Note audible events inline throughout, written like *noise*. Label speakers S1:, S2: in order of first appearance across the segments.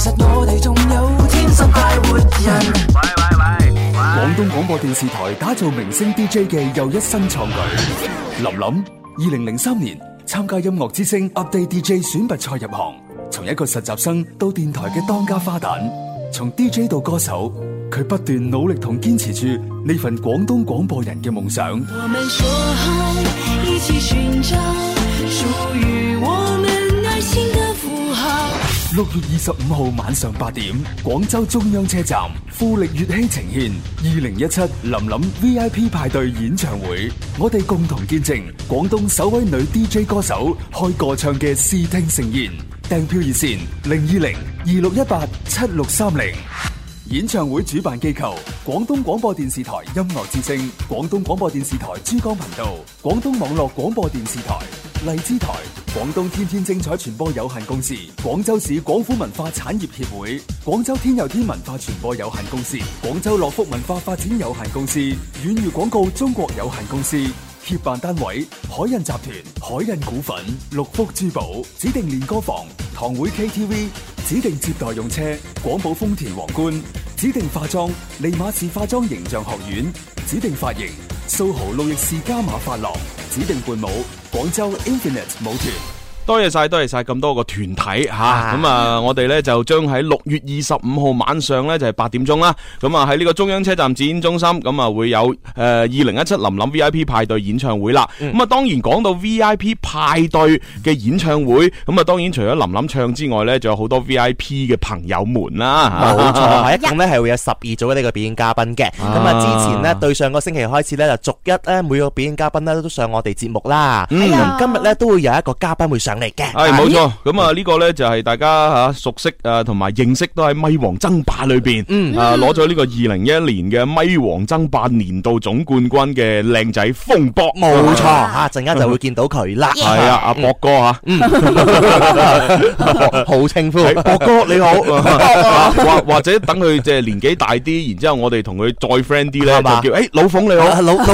S1: 其實我哋仲
S2: 有天生快活人。廣東廣播電視台打造明星 DJ 嘅，又一新創舉。林林，二零零三年參加音樂之星 Up Day DJ 選拔賽入行，從一個實習生到電台嘅當家花旦，從 DJ 到歌手，佢不斷努力同堅持住呢份廣東廣播人嘅夢想。
S1: 我們說。一起六
S2: 月二十五號晚上八點，廣州中央車站富力粵熙呈現二零一七林林 V I P 派對演唱會，我哋共同見證廣東首位女 D J 歌手開個唱嘅視聽盛宴。訂票熱線零二零二六一八七六三零。演唱會主辦機構：廣東廣播電視台音樂之聲、廣東廣播電視台珠江頻道、廣東網絡廣播電視台、荔枝台、廣東天天精彩傳播有限公司、廣州市廣府文化產業協會、廣州天佑天文化傳播有限公司、廣州樂福文化發展有限公司、軟如廣告中國有限公司。協辦單位：海印集團、海印股份、六福珠寶；指定練歌房：堂會 KTV；指定接待用車：廣寶豐田皇冠；指定化妝：利馬市化妝形象學院；指定髮型：蘇豪路易士加碼髮廊；指定伴舞：廣州 Infinite 舞團。
S3: 多謝晒，多謝晒咁多個團體吓，咁啊，啊，我哋咧就將喺六月二十五號晚上咧就係八點鐘啦，咁啊喺呢個中央車站展演中心，咁啊會有誒二零一七林林 V I P 派對演唱會啦，咁啊、嗯、當然講到 V I P 派對嘅演唱會，咁啊當然除咗林林唱之外咧，仲有好多 V I P
S4: 嘅朋友們
S3: 啦，冇錯，
S4: 一共咧係會有十二組呢個表演嘉賓嘅，咁啊之前呢，對上個星期開始咧就逐一咧每個表演嘉賓咧都上我哋節目啦，嗯哎、呀今日咧都會有一個嘉賓會上。嚟嘅，係冇錯，
S3: 咁啊呢個咧就係大家吓熟悉啊同埋認識都喺咪王爭霸裏邊，嗯，啊攞咗呢個二零一一年嘅咪王爭霸年度總冠軍嘅靚仔馮博，冇錯，吓陣間就會見到佢
S4: 啦，係啊，阿博哥吓，嗯，好稱呼，博哥你好，
S3: 或或者等佢即係年紀大啲，然之後我哋同佢再 friend 啲咧，就叫誒
S4: 老馮你好，老老，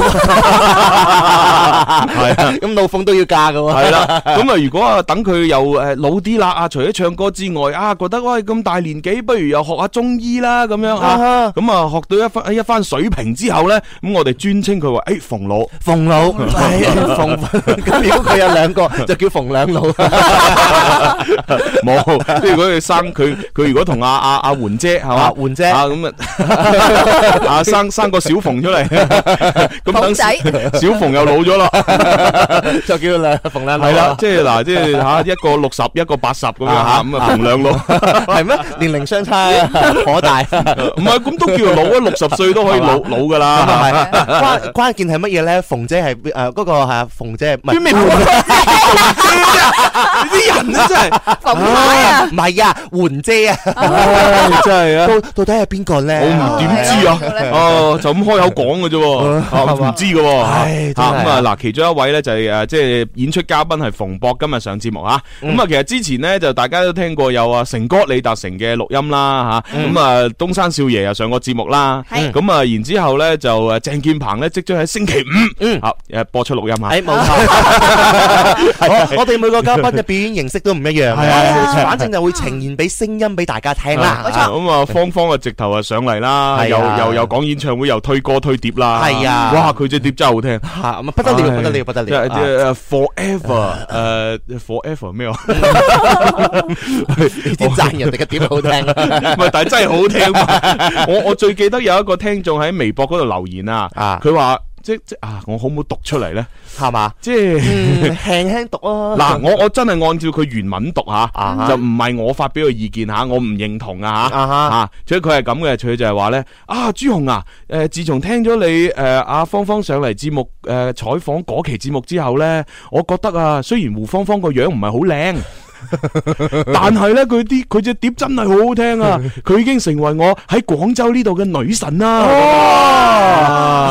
S3: 係啊，咁老馮都要嫁噶喎，係啦，咁啊如果啊。等佢又誒老啲啦啊！除咗唱歌之外，啊覺得喂咁、哎、大年紀，不如又學下中醫啦咁樣啊！咁啊學到一番一番水平之後咧，咁我哋尊稱佢話：誒馮老馮老，係馮。咁如果佢
S4: 有兩個，就叫馮兩老。
S3: 冇， *laughs* 即係如果佢生佢佢如果同阿阿阿媛姐係嘛？阿媛姐啊咁啊，阿生 *laughs* 生個小馮出嚟，咁 *laughs* 等小馮，仔小馮又老咗啦，就 *laughs* 叫兩
S4: 馮兩老。係啦，即係嗱，即係。吓一個六十一個八十咁樣吓，咁啊馮兩老係咩？年齡相差頗大？唔係咁都叫老啊？六十歲都可以老老噶啦，係咪？關關鍵係乜嘢咧？馮姐係誒嗰個係啊？馮姐唔係換姐啊？你啲人真係馮姐啊？唔係啊？換姐啊？真係啊？到到底係邊個咧？我唔點知啊？哦，就咁
S3: 開口講喎，啫，唔知嘅吓咁啊嗱！其中一位咧就係誒，即係演出嘉賓係馮博，今日上。節目吓，咁啊！其實之前咧就大家都聽過有啊成哥李達成嘅錄音啦吓，咁啊東山少爺又上過節目啦，咁啊然之後咧就誒鄭健鵬咧即將喺星期五，啊誒播出錄音啊。冇錯，
S4: 我哋每個嘉賓嘅表演形式都唔一樣，係啊，反正就會呈現俾聲音俾大家聽啦。冇
S3: 錯，咁啊芳芳啊直頭啊上嚟啦，又又又講演唱會又推歌推碟啦，係啊，哇佢隻碟真係好聽，不得了不得了不得了，Forever 誒。Forever 咩？哇！ *laughs* *laughs* 你啲讚人哋嘅點好聽，唔係 *laughs* 但係真係好聽。我我最記得有一個聽眾喺微博嗰度留言啊，佢話。即即啊！我可唔可以讀出嚟咧？係嘛吧？即、嗯、 *laughs*
S4: 輕輕讀咯、啊。嗱，我
S3: 我真係按照佢原文讀嚇、uh huh. 啊，就唔係我發表嘅意見嚇，我唔認同啊嚇嚇。除咗佢係咁嘅，除咗就係話咧，啊朱紅、uh huh. 啊，誒、啊啊、自從聽咗你誒阿芳芳上嚟節目誒、啊、採訪嗰期節目之後咧，我覺得啊，雖然胡芳芳個樣唔係好靚。 *laughs* 但係咧，佢啲佢隻碟真係好好聽啊！佢已經成為我喺廣州呢度嘅女神啦。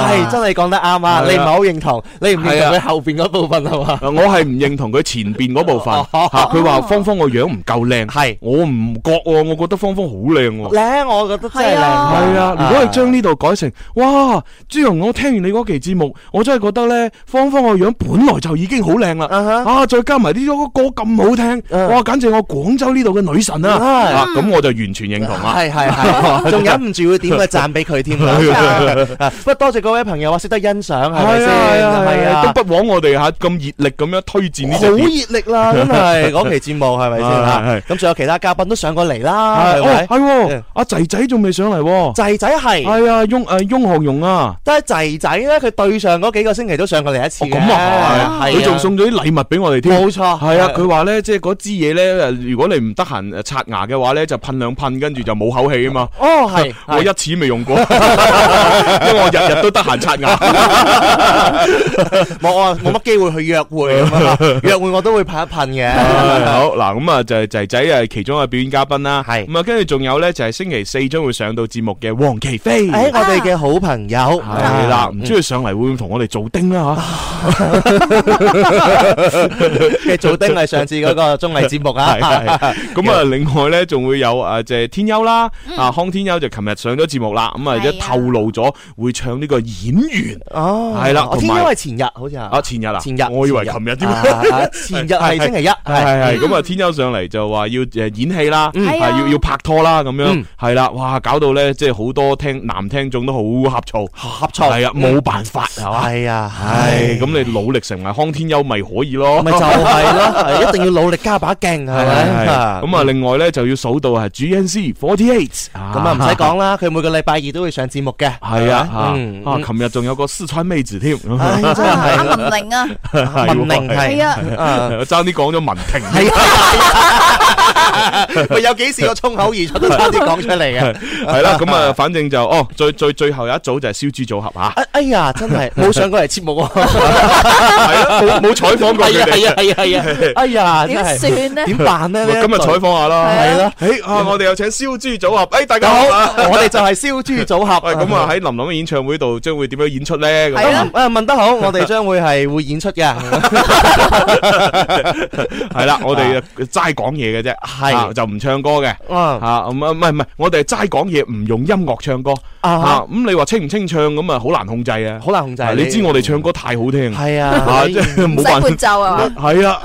S3: 係真
S4: 係講得啱啊！你唔係好認同？你唔認同佢後邊嗰部分啊嘛？我係
S3: 唔認同佢前邊嗰部分。佢話芳芳個樣唔夠靚，係我唔覺，我覺得芳芳好靚。
S4: 靚，我覺得真係靚。係啊，如果係
S3: 將呢度改成哇，朱紅，我聽完你嗰期節目，我真係覺得咧，芳芳個樣本來就已經好靚啦。啊，再加埋呢啲歌咁好聽。哇！簡直我廣州呢度嘅女神啊，咁我就完全認同啦，係係係，仲忍唔住會點個讚俾佢添啊！不
S4: 過多謝各位朋友啊，識得欣賞係咪先？係啊係啊，都不枉我哋嚇咁熱力咁樣推薦呢啲，好熱力啦，真係嗰期節目係咪先？咁仲有其他嘉賓都上過嚟啦，係
S3: 喎，阿仔仔仲未上嚟喎，仔仔係係啊，翁誒翁學蓉啊，
S4: 但係仔仔咧，佢對上嗰幾個星期都上過嚟一次咁啊。佢仲送咗啲禮物
S3: 俾我哋添，冇
S4: 錯，係啊，佢
S3: 話咧即係嗰。支嘢咧，如果你唔得閒刷牙嘅話咧，就噴兩噴，跟住就冇口氣啊嘛。哦，係，我一次未用過，因為我日日都得閒刷牙，
S4: 冇啊，冇乜機會去約會咁嘛，約會我都會噴一噴嘅。
S3: 好嗱，咁啊就係仔仔啊，其中嘅表演嘉賓啦。係，咁啊跟住仲有咧，就係星期四將會上到節目嘅黃琪飛，誒我哋
S4: 嘅好朋友。係啦，唔知佢
S3: 上嚟會唔會同我哋做丁啦嚇？其實做丁係上次嗰個中節目啊，咁啊，另外咧仲會有誒，即係天庥啦，啊，康天庥就琴日上咗節目啦，咁啊，即係透露咗會唱呢個演員，
S4: 係啦，我天庥係前日好似係，啊前日啊，前日，我以為琴日添，前日係星期一，係係，咁
S3: 啊，天庥上嚟就話要誒演戲啦，係要要拍拖啦，咁樣係啦，哇，搞到咧即係好多聽男聽眾都好呷醋，呷醋係啊，冇辦法啊，係啊，唉，咁你努力成為康天庥咪可以咯，
S4: 咪就係咯，一定要努力加。把勁係咪？咁啊，
S3: 另外咧就要數到係
S4: GNC48，咁啊唔使講啦，佢每個禮拜二都會上節目嘅。
S3: 係啊，啊琴日仲有個四川妹子添，真係文明
S5: 啊，文明。係
S3: 啊，爭啲講咗文婷。
S5: 有幾時我沖
S4: 口而出都差啲講出嚟嘅，係啦，咁啊，
S3: 反正就哦，最最最後有一組就係燒豬組
S4: 合吓，哎呀，真係冇上過嚟節目啊，係冇採訪過你哋，係啊，係啊，哎呀，點算咧？點辦呢？今日採訪下啦，係啦，我
S3: 哋有請燒豬組合，誒，大家好，我哋就係燒豬組合，咁啊，喺林林嘅演唱會度將會點樣演出咧？係呀，
S4: 問得好，我哋將會係會演出
S3: 嘅，係啦，我哋齋講嘢嘅啫。係就唔唱歌嘅，吓啊，唔係唔係，我哋係齋講嘢，唔用音樂唱歌啊。咁你話清唔清唱咁啊？好難控制啊，好難控制。你知我哋唱歌太好聽，係啊，即係冇伴奏啊，
S4: 係啊，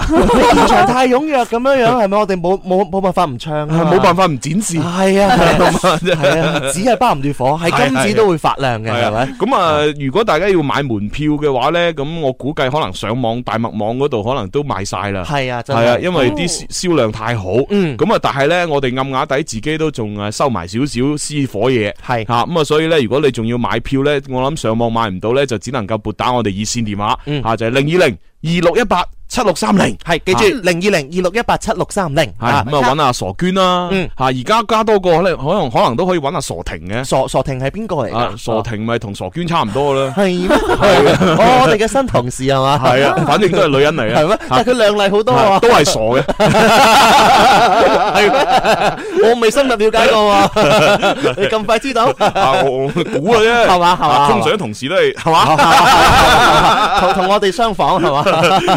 S4: 現場太踴躍咁樣樣，係咪？我哋冇冇冇辦法唔唱，冇辦法唔展示。係啊，係啊，紙係包唔住火，係金紙都會發亮嘅，係咪？咁
S3: 啊，如果大家要買門票嘅話咧，咁我估計可能上網大麥網嗰度可能都賣晒啦。係
S4: 啊，係啊，因為啲
S3: 銷量太好。嗯，咁啊，但係咧，我哋暗啞底自己都仲誒收埋少少私伙嘢，係吓是，咁啊，所以咧，如果你仲要買票咧，我諗上網買唔到咧，就只能夠撥打我哋熱線電話，嗯，吓，啊，就係零二零二六一八七六三零係，記住
S4: 零二零二六一八七六三零係咁啊，搵阿
S3: 傻娟啦，吓，而家加多個可能，可能可能都可以搵阿傻婷嘅。傻傻婷係邊個嚟？傻婷咪同傻娟差
S4: 唔多啦。係咩？我哋嘅新同事係嘛？係啊，反正都係女人嚟嘅。係咩？但係佢靚麗好多啊。都係傻嘅。我未深入了解過，你咁快知道？我估嘅啫。係嘛？係嘛？通常
S3: 同事都係，係
S4: 嘛？同同我哋相仿係嘛？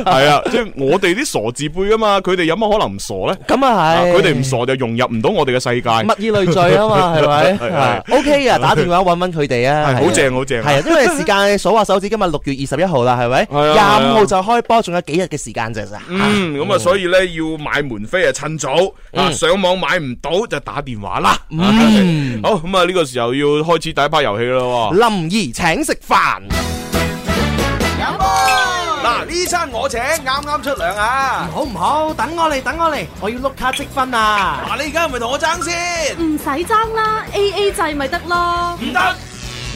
S4: 係啊。即
S3: 係我哋啲傻字輩啊嘛，佢哋有乜可能唔傻咧？咁啊係，佢哋唔傻就融入唔到我哋嘅世
S4: 界。物以類聚啊嘛，係咪？係，OK 啊，打電話搵搵佢哋啊，好正好正。係啊，因為時間數下手指，今日六月二十一號啦，係咪？廿五號就開波，仲有幾日嘅時間咋？嗯，
S3: 咁啊，所以咧要買門飛啊，趁早啊，上網買唔到就打電話啦。嗯，好，咁啊呢個時候要開始第一 part 遊戲啦喎。
S4: 林兒請食飯。嗱，呢餐我請，啱啱出糧啊！唔好唔好？等我嚟，等我嚟，我要碌卡積分啊！嗱，你而家係咪同我爭
S5: 先？唔使爭啦，A A 制咪得咯。唔得，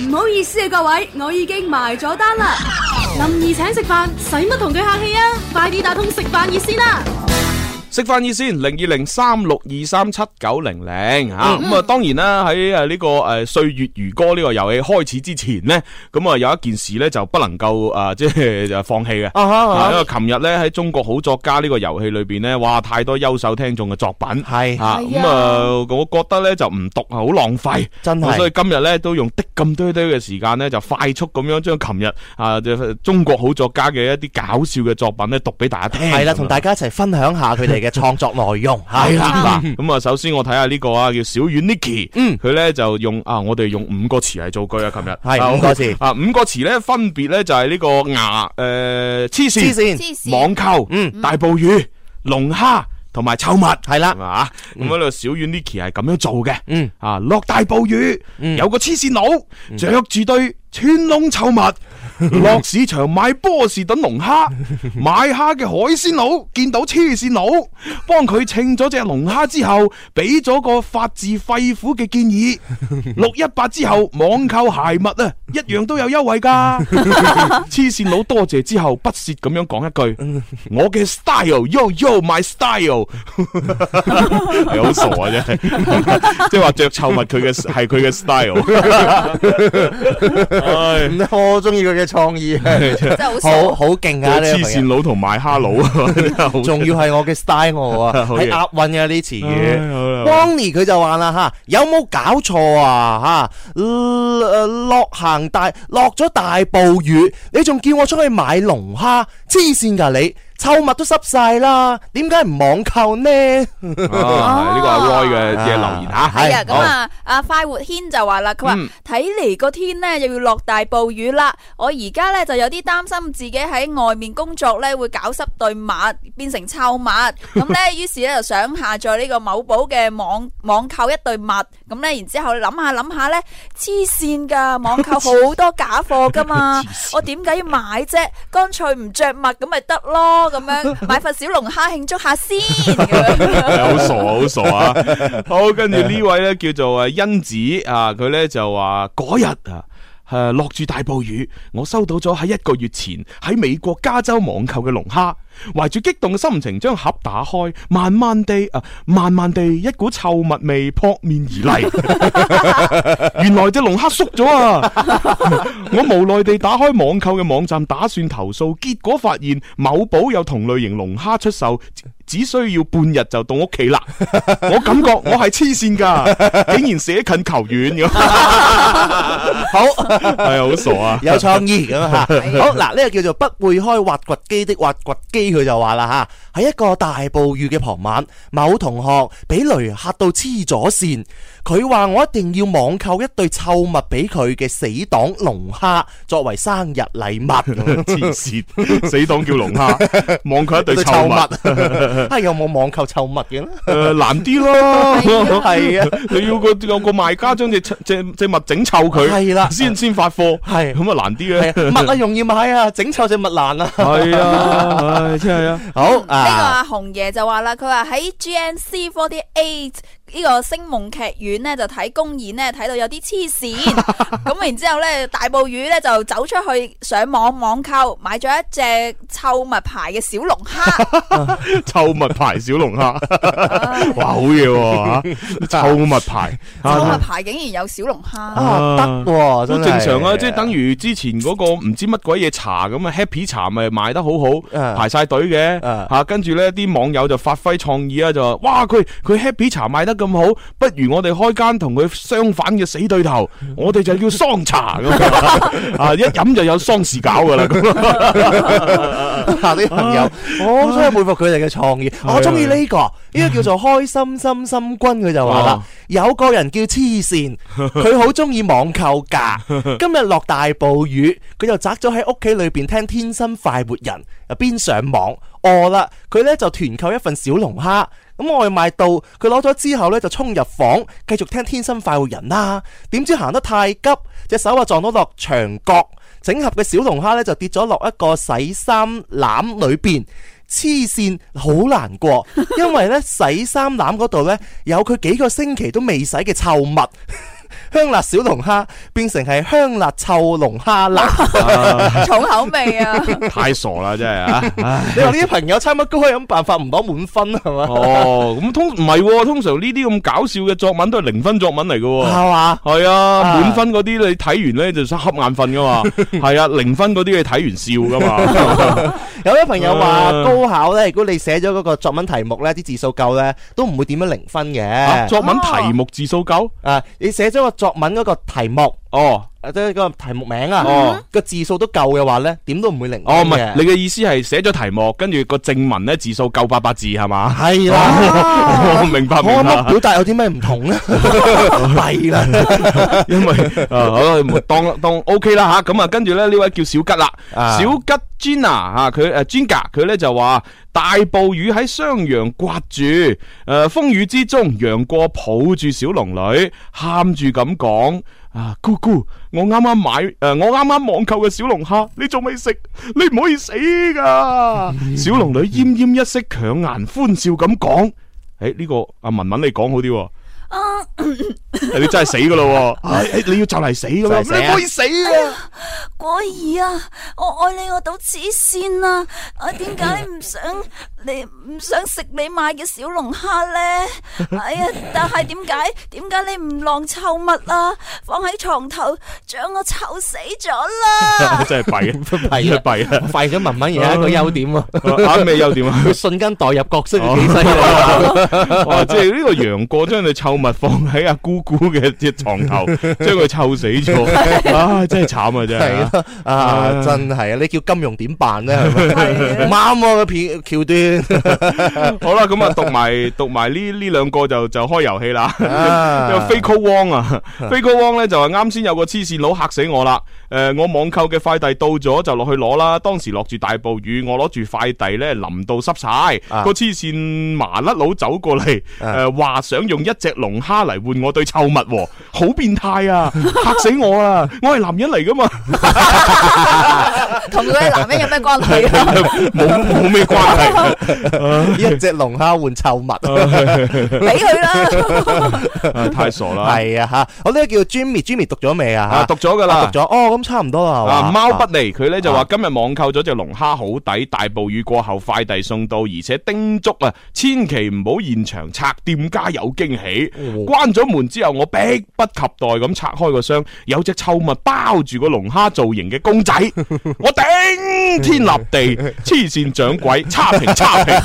S5: 唔好意思啊，各位，我已經埋咗單啦。啊、林兒請食飯，使乜同佢客氣啊？快啲打通食飯熱線啦、啊！
S3: 識翻意先，零二零三六二三七九零零嚇咁啊！嗯嗯、當然啦，喺啊呢個誒、呃、歲月如歌呢個遊戲開始之前呢，咁、嗯、啊有一件事呢就不能夠啊即係、就是、放棄嘅，因為琴日呢，喺中國好作家呢個遊戲裏邊呢，哇太多優秀聽眾嘅作品係，咁是啊，哎、呀啊我覺得呢就唔讀係好浪費，真係的，所以今日呢，都用啲咁多堆嘅時間呢，就快速咁樣將琴日啊中國好作家嘅一啲搞笑嘅作品呢讀俾大家聽，係啦，同大
S4: 家一齊分享下佢哋。嘅創作內容係
S3: 啦，咁啊，首先我睇下呢個啊，叫小遠 Niki，嗯，佢咧就用啊，我哋用五個詞嚟造句啊，琴日係，五個詞，啊，五個詞咧分別咧就係呢個牙，誒，黐線，黐線，網購，嗯，大暴雨，龍蝦，同埋臭物，係啦，啊，咁啊，小遠 Niki 係咁樣做嘅，嗯，啊，落大暴雨，有個黐線佬着住對穿窿臭物。落市場買波士頓龍蝦，買蝦嘅海鮮佬見到黐線佬，幫佢稱咗隻龍蝦之後，俾咗個發自肺腑嘅建議：六一八之後網購鞋襪啊，一樣都有優惠噶。黐線佬多謝之後，不屑咁樣講一句：我嘅 style，yo yo，my style。 *laughs* 你好傻啊，真係，即係話着臭襪佢嘅係佢嘅 style。
S4: *laughs* *laughs* 我中意佢嘅。創意，真係好好勁啊！黐線佬同賣蝦佬，仲要係我嘅 style 啊，係押韻嘅呢詞語。Bonnie 佢就話啦嚇，有冇搞錯啊嚇？誒落行大落咗大暴雨，你仲叫我出去買龍蝦，黐線㗎你！臭物都濕晒啦，點解唔網購呢？呢個阿
S5: Roy 嘅嘢留言嚇，係。啊！快活軒就話啦，佢話睇嚟，個天呢又要落大暴雨啦，我而家呢就有啲擔心自己喺外面工作呢會搞濕對襪，變成臭襪。咁呢於是呢就想下載呢個某寶嘅網，網購一對襪。咁呢然之後諗下諗下呢，黐線噶，網購好多假貨噶嘛， *laughs* 病我點解要買啫？乾脆唔着襪咁咪得咯，咁樣買份小龍蝦慶祝下先。
S3: 好傻，好傻啊！好，跟住呢位呢叫做啊。因子啊，佢呢就話嗰日啊，誒落住大暴雨，我收到咗喺一個月前喺美國加州網購嘅龍蝦，懷住激動嘅心情將盒打開，慢慢地啊，慢慢地一股臭物味撲面而嚟， *laughs* 原來隻龍蝦縮咗啊！ *laughs* 我無奈地打開網購嘅網站，打算投訴，結果發現某寶有同類型龍蝦出售。只需要半日就到屋企啦！我感覺我係黐線噶，竟然捨近求遠咁。 *laughs* 好係啊，好、哎、傻啊，有創意咁吓。哎、呀好嗱，呢、
S4: 這個叫做不會開挖掘機的挖掘機，佢就話啦吓，喺一個大暴雨嘅傍晚，某同學俾雷嚇到黐咗線。佢話我一定要網購一對臭襪俾佢嘅死黨龍蝦作為生日禮物。黐線，死黨叫龍蝦，網購一對臭襪。係有冇網購臭襪嘅咧？誒，難啲咯，係啊，
S3: 你要個兩個賣家將隻只隻襪整臭佢，係啦，
S4: 先先發貨，係咁啊，難啲咧。襪啊容易買啊，整臭隻襪難啊。係啊，真係啊，好。呢個阿
S5: 紅爺就話啦，佢話喺 G N C forty eight。呢個星夢劇院咧就睇公演咧睇到有啲黐線，咁然之後咧大暴雨咧就走出去上網網購買咗一隻臭物牌嘅小龍蝦，
S3: 臭物牌小龍蝦，哇好嘢喎！臭物牌，臭
S5: 物牌竟然有小龍蝦
S3: 得
S4: 喎，真係正常啊！
S3: 即係等於之前嗰個唔知乜鬼嘢茶咁啊，Happy 茶咪賣得好好，排晒隊嘅嚇，跟住咧啲網友就發揮創意啊，就話哇佢佢 Happy 茶賣得咁～咁好，不如我哋開間同佢相反嘅死對頭，我哋就叫喪茶咁
S4: 樣， *laughs* *laughs* 一飲就有喪事搞噶啦。嗱、 *laughs* *laughs* *laughs* 啊，啲朋友，我真係佩服佢哋嘅創意，啊、 *laughs* 我中意呢個，呢 *laughs* 個叫做開心心心君，佢就話啦，啊、有個人叫黐線，佢好中意網購噶， *laughs* 今日落大暴雨，佢就宅咗喺屋企裏邊聽《天生快活人》，又邊上網，餓啦，佢呢就團購一份小龍蝦。咁外賣到，佢攞咗之後呢，就衝入房繼續聽《天生快活人》啦。點知行得太急，隻手啊撞到落牆角，整盒嘅小龍蝦呢，就跌咗落一個洗衫籃裏邊。黐線，好難過，因為呢，洗衫籃嗰度呢，有佢幾個星期都未洗嘅臭物。香辣小龍蝦變成係香辣臭龍蝦啦，重口味啊！
S3: 太傻啦，真係啊！你話
S4: 呢啲朋友差乜高可以諗辦法唔攞滿分係嘛？哦，
S3: 咁通唔係，通常呢啲咁搞笑嘅作文都係零分作文嚟噶。係嘛？係啊，滿分嗰啲你睇完咧就想瞌眼瞓噶嘛？係啊，零分嗰啲你睇完笑噶嘛？
S4: 有啲朋友話高考咧，如果你寫咗嗰個作文題目咧，啲字數夠咧，都唔會點樣零分嘅。作文題目字數夠啊？你寫咗個作。作文嗰個題目。哦，即係個題目名啊，個、哦、字數都夠嘅話咧，點都唔會零分哦，唔係，你嘅
S3: 意思係寫咗題目，跟住個正文咧字數夠八百字係嘛？
S4: 係啦啊，係啦我
S3: 明白明白。啊、表
S4: 達有啲咩唔同
S3: 咧？弊啦，因為、 *laughs* 啊、噹噹
S4: OK 啦吓。咁
S3: 啊，跟住咧呢位叫小吉啦，啊、小吉 Jenna 吓、啊，佢誒 Jenna 佢咧就話大暴雨喺襄陽刮住，誒、呃、風雨之中，楊過抱住小龍女，喊住咁講。啊姑姑，我啱啱買誒、呃，我啱啱網購嘅小龍蝦，你仲未食？你唔可以死噶！ *laughs* 小龍女奄奄一息，強顏歡笑咁講：誒、欸，呢、這個阿文文你講好啲。 *laughs* 你真係死噶啦，啊哎，你要就嚟死咁啦，唔、啊、可以死
S5: 啊！哎，果兒啊，我愛你我到此先啊！我點解唔想你唔想食你買嘅小龍蝦咧？哎呀，但係點解點解你唔晾臭物啊？放喺床頭將我臭死咗啦，
S4: 啊啊！真係弊，弊啊弊啊，弊咗文文而家個優點啊，咩優點啊，
S3: 瞬間代入角色幾犀利啊！即係呢個楊過將你臭放
S4: 喺阿姑姑嘅隻床頭，將佢臭死咗啊！真係慘啊，真係啊，真係啊！你叫金融點辦咧？啱個片橋段。好
S3: 啦，咁啊，讀埋讀埋呢呢兩個就就開遊戲啦。又飛高汪啊！飛高汪呢就係啱先有個黐線佬吓死我啦！誒，我網購嘅快遞到咗就落去攞啦。當時落住大暴雨，我攞住快遞咧淋到濕晒。個黐線麻甩佬走過嚟，誒，話想用一隻龍蝦嚟換我對臭襪，好變態啊！嚇死我啦！我係男人嚟噶嘛？
S5: 同佢係男人有咩關係啊？
S4: 冇冇咩關係？ *laughs* 一隻龍蝦換臭襪，俾 *laughs* 佢他啦！ *laughs*
S3: 太傻啦！
S4: 係啊吓，我呢個叫 Jimmy，Jimmy 讀咗未啊？啊，讀咗噶啦，讀咗。哦，咁差唔多啊！係嘛？貓不
S3: 離佢咧就話今日網購咗隻龍蝦，好抵！大暴雨過後，快遞送到，而且叮囑啊，千祈唔好現場拆，店家有驚喜。關咗門之後，我迫不及待咁拆開個箱，有隻臭物包住個龍蝦造型嘅公仔，我頂天立地，黐線掌櫃，差評差
S4: 評，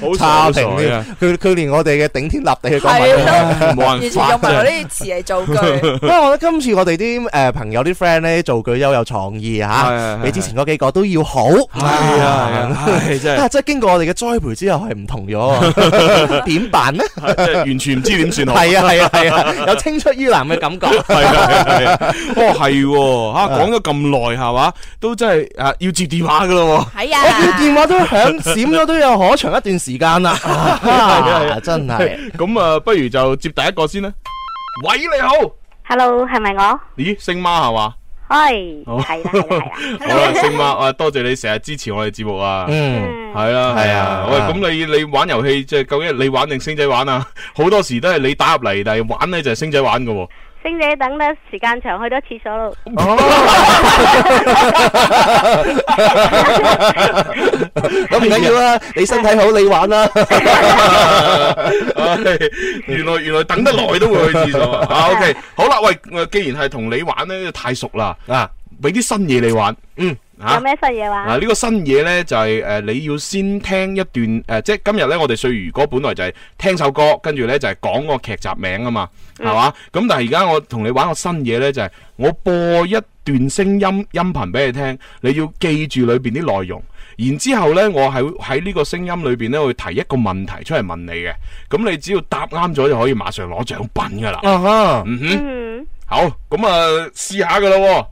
S4: 好差評啲啊！佢佢連我哋嘅頂天立地嘅講法都冇人用埋呢啲詞嚟造句，不過我覺得今次我哋啲誒朋友啲 friend 咧造句又有創意吓，比之前嗰幾個都要好，係啊，係真係，即係經過我哋嘅栽培之後係唔同咗。點辦呢？完全唔知點算好。係啊， *laughs* 係啊，係啊，有青出於藍嘅感覺。
S3: 係啊， *laughs* 係。哦，係，吓講咗咁耐，係嘛，都真係啊，要接電話噶咯。係啊的，
S6: 我啲、哦、
S7: 電話都響，
S3: 閃咗都有好長一段時間啦。
S4: 係啊， *laughs* 真係。
S3: 咁啊，不如就接第一個先啦。
S2: 喂，你好。Hello，係咪我？
S3: 咦，星媽係嘛？是係，係好啦，星媽，我多謝你成日支持我哋節目啊。嗯，係啊，係啊。喂，咁你你玩遊戲，即係究竟你玩定星仔玩啊？好 *laughs* 多時都係你打入嚟，但係玩咧就係、係、星仔玩噶、啊。星姐等得時間長，去咗
S6: 廁所咯。
S4: 咁唔緊要啦，你身體好，你玩啦。
S3: O K，原來原來等得耐都會去廁所。O K，好啦，喂，既然係同你玩咧，太熟啦，啊，俾啲新嘢你玩，嗯。啊、有咩
S5: 新嘢玩？嗱、啊，呢、
S3: 這個新嘢咧就係、是、誒、呃、你要先聽一段誒、呃、即係今日咧我哋碎如哥本來就係聽首歌跟住咧就係、是、講個劇集名啊嘛係嘛咁，但係而家我同你玩個新嘢咧就係、是、我播一段聲音音頻俾你聽，你要記住裏邊啲內容然之後咧我喺喺呢個聲音裏邊咧會提一個問題出嚟問你嘅，咁你只要答啱咗就可以馬上攞獎品噶啦。嗯哼嗯哼，好，咁啊試下噶咯喎誒。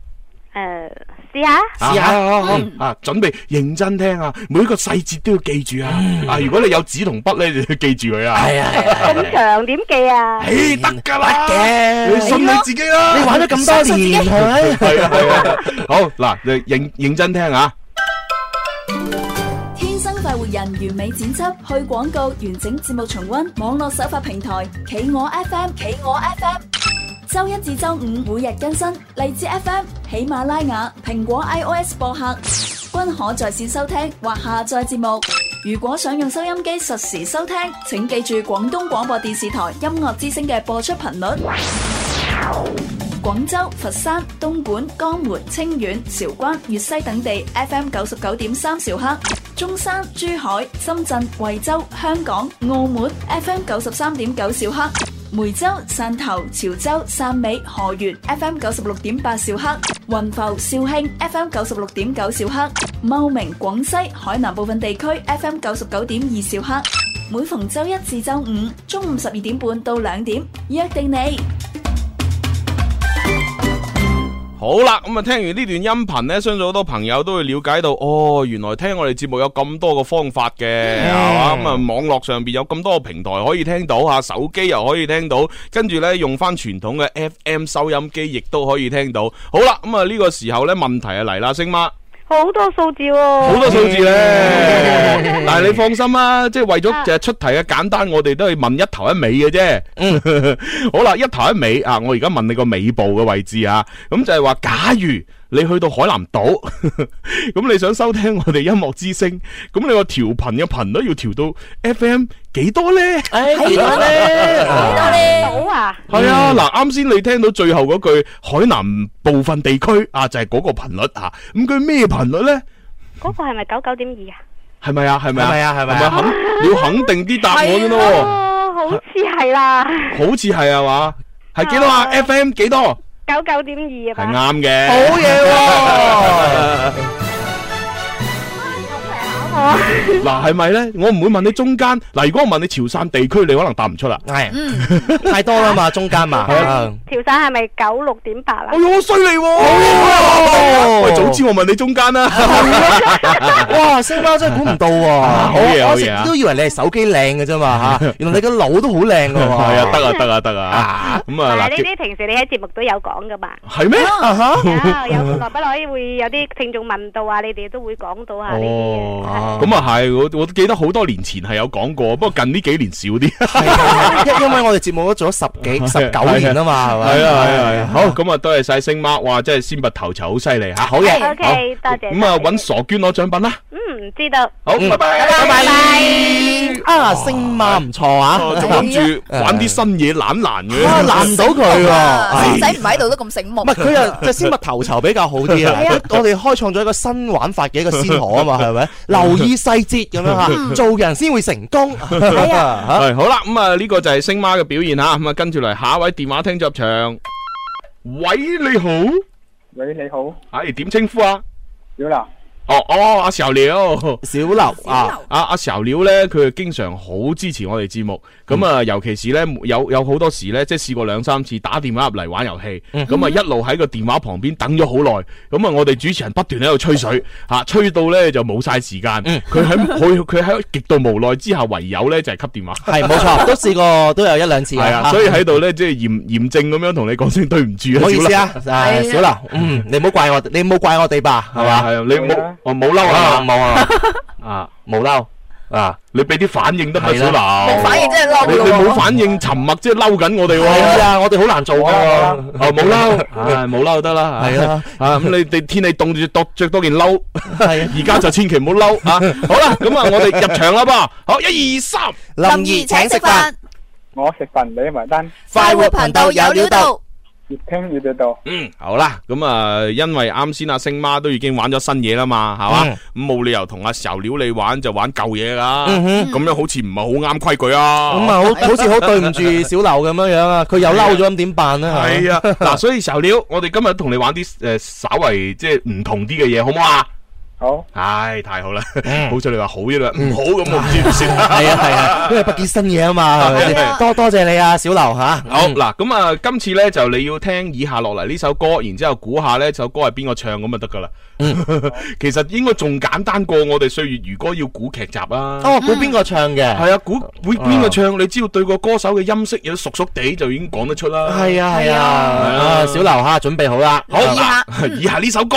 S3: 嗯
S6: 試下，試下，
S3: 啊，準備認真聽啊，每個細節都要記住啊，啊，如果你有紙同筆咧，就要記住佢啊。係啊，咁
S5: 強點記啊？誒，得噶啦，你信你自己啦，你玩咗咁多年，係啊係啊，
S3: 好嗱，你認認真聽啊。
S5: 天生快活人完美剪輯，去廣告，完整節目重溫，網絡首發平台，企鵝 FM，企鵝 FM。周一至周五每日更新，荔枝 FM 喜馬拉雅、蘋果 iOS 播客均可在線收聽或下載節目。如果想用收音機實時收聽，請記住廣東廣播電視台音樂之聲嘅播出頻率。廣州、佛山、東莞、江門、清遠、韶關、粵西等地 FM 九十九點三兆赫；中山、珠海、深圳、惠州、香港、澳門 FM 九十三點九兆赫；梅州、汕頭、潮州、汕尾、河源 FM 九十六點八兆赫；雲浮、肇慶 FM 九十六點九兆赫；茂名、廣西、海南部分地區 FM 九十九點二兆赫。每逢周一至周五中午十二點半到兩點，約定你。
S3: 好啦，咁、嗯、啊，聽完呢段音頻呢，相信好多朋友都會了解到，哦，原來聽我哋節目有咁多個方法嘅，係嘛？咁啊，網絡上邊有咁多個平台可以聽到，吓，手機又可以聽到，跟住呢用翻傳統嘅 FM 收音機亦都可以聽到。好啦，咁啊呢個時候呢問題就嚟啦，星媽。
S6: 好多數字喎、啊，好多數字咧。
S3: *laughs* 但係你放心啦，即係為咗就係出題嘅簡單，我哋都係問一頭一尾嘅啫。嗯， *laughs* 好啦，一頭一尾啊！我而家問你個尾部嘅位置啊，咁就係、是、話假如。你去到海南島，咁你想收聽我哋音樂之聲，咁你話調頻嘅頻率要調到 FM 幾多咧？幾、哎、呀 *laughs* 多咧？幾多咧？島
S1: *laughs*
S7: 啊！係、嗯、啊，嗱，
S3: 啱先你聽到最後嗰句海南部分地區、就是、啊，就係嗰個頻率吓，咁佢咩頻率咧？
S5: 嗰個
S3: 係咪九九點二啊？係咪啊？係咪啊？係咪啊？肯你要肯定啲答案先咯、 *laughs* 啊。好似
S4: 係啦。 *laughs* 是
S3: 好似係啊嘛？係幾 *laughs* 多啊？FM 幾多？九九點二係啱嘅，好嘢喎！嗱係咪咧？我唔會問你中間嗱，如果我問你潮汕地區，你可能答唔出
S4: 啦。係，太多啦嘛，中間嘛。係啊。潮汕係咪九六點八啊？哎呀，好犀利喎！早知我問你中間啦。哇，星媽真係估唔到喎！好嘢，好嘢啊！我都以為你係手機靚嘅啫嘛，吓，原來你個腦都好靚嘅喎。係啊，得啊，得啊，得啊！
S3: 咁啊，
S6: 嗱，呢啲平時你喺節目都有講噶嘛？
S4: 係咩？
S3: 有有，耐
S6: 不耐，會有啲聽眾問到啊，你哋都會講到下呢
S3: 啲嘅。咁啊係，我我都記得好多年前係有講過，不過近呢幾年少啲。
S4: 因因為我哋節目都做咗十幾、十九年啊嘛，係咪？係啊係啊係啊，
S3: 好，咁啊多謝晒星媽，哇，真係先拔頭籌，好犀利吓，好嘅，OK，多謝。咁啊搵傻娟攞獎品啦。嗯，
S5: 知道。
S3: 好，拜
S4: 拜，拜拜。啊，星媽唔錯啊，
S5: 仲諗住
S3: 玩啲
S4: 新嘢難難嘅，難到佢。仔唔喺
S5: 度都咁醒目。唔係，佢啊，即係先拔頭
S4: 籌比較好啲啊。我哋開創咗一個新玩法嘅一個先河啊嘛，係咪？留。注意細節咁樣吓，做人先會成功。係啊，係好啦，咁啊呢個
S3: 就係星媽嘅表現吓，咁啊跟住嚟，下一位電話聽入場。喂，你好。喂，你好。哎，點稱呼啊？小娜。哦哦，阿小劉，小劉啊阿小劉咧，佢又經常好支持我哋節目，咁啊，尤其是咧有有好多時咧，即係試過兩三次打電話入嚟玩遊戲，咁啊一路喺個電話旁邊等咗好耐，咁啊我哋主持人不斷喺度吹水，吓吹到咧就冇晒時間，佢喺佢佢喺極度無奈之下，唯有咧就係吸電話，
S4: 係冇錯，都試過都有一兩次，係啊，所以喺度咧
S3: 即係嚴嚴正咁樣同你講聲對唔住，唔好意思啊，小劉，
S4: 嗯，你唔好怪我，你唔好怪我哋吧，係嘛，係啊，你唔好。我冇嬲啊，冇啊，啊冇嬲啊！你俾啲反應得唔得啊？冇反應即係嬲，你你冇反
S3: 應沉默即係嬲緊我哋喎。係啊，我哋好難做噶。哦，冇嬲，唉，冇嬲得啦。係啦，啊咁你哋天氣凍住多着多件褸。係啊，而家就千祈唔好嬲啊！好啦，咁啊，我哋入場啦噃。好，一二三，林怡請食飯，我食飯你埋單。快活頻道有料到。越聽越得到。嗯，好啦，咁、嗯、啊、嗯，因為啱先阿星媽都已經玩咗新嘢啦嘛，係嘛？、嗯，咁冇理由同阿壽鳥你玩就玩舊嘢噶，咁、嗯、哼樣好似唔係好啱規矩啊。咁啊，好好似好對唔住
S4: 小劉咁樣樣啊，佢又嬲咗，咁點辦咧？係啊，嗱、啊， *laughs* 所以壽鳥，
S3: 我哋今日同你玩啲誒，稍微即係唔同啲嘅嘢，好唔好啊？好，唉，太好啦！
S4: 好彩你話好啫嘛，唔好咁我唔知點算。係啊，係啊，因為不見新嘢啊嘛，係咪先？多多謝你啊，小劉吓。
S3: 好嗱，咁啊，今次咧就你要聽以下落嚟呢首歌，然之後估下呢首歌係邊個唱咁就得噶啦。嗯，其實應該仲簡單過我哋歲月如歌要估劇集啦。哦，估邊個
S4: 唱嘅？係啊，估會邊個唱？你只要對個歌
S3: 手嘅音色有啲熟熟地，就已經講得出啦。係啊，係啊，小劉吓，準備好啦。好，嗱，以下呢首歌。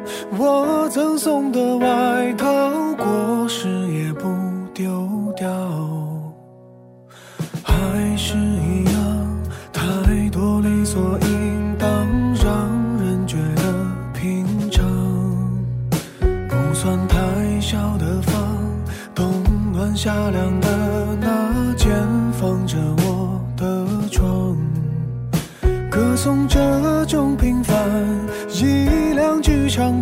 S7: 我贈送的外套，過時也不丟掉，還是一樣，太多理所應當，讓人覺得平常。不算太小的房，冬暖夏涼的那間，放着我的床，歌頌這種平凡，一兩句唱。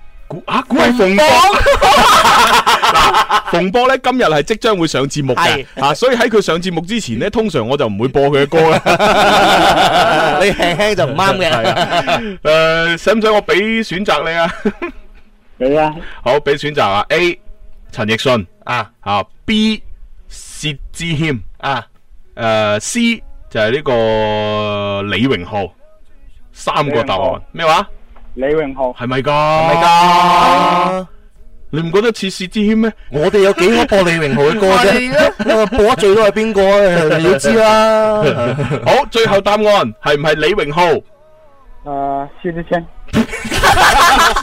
S3: 啊！估係馮博，嗱，馮博咧，今日係即將會上節目嘅吓，所以喺佢上節目之前咧，通常我就唔會播佢嘅歌啦。你輕輕就唔啱嘅，誒，使唔使我俾選擇你啊？你啊，好俾選擇啊？A 陳奕迅啊吓，B 薛之謙啊，誒 C 就係呢個李榮浩，三個答案咩話？李榮浩係咪噶？係咪噶？你唔覺得似薛之謙咩？我哋有幾可播李榮浩嘅歌啫？播得最多係邊個？你要知啦。好，最後答案係唔係李榮浩？啊，
S4: 薛之謙。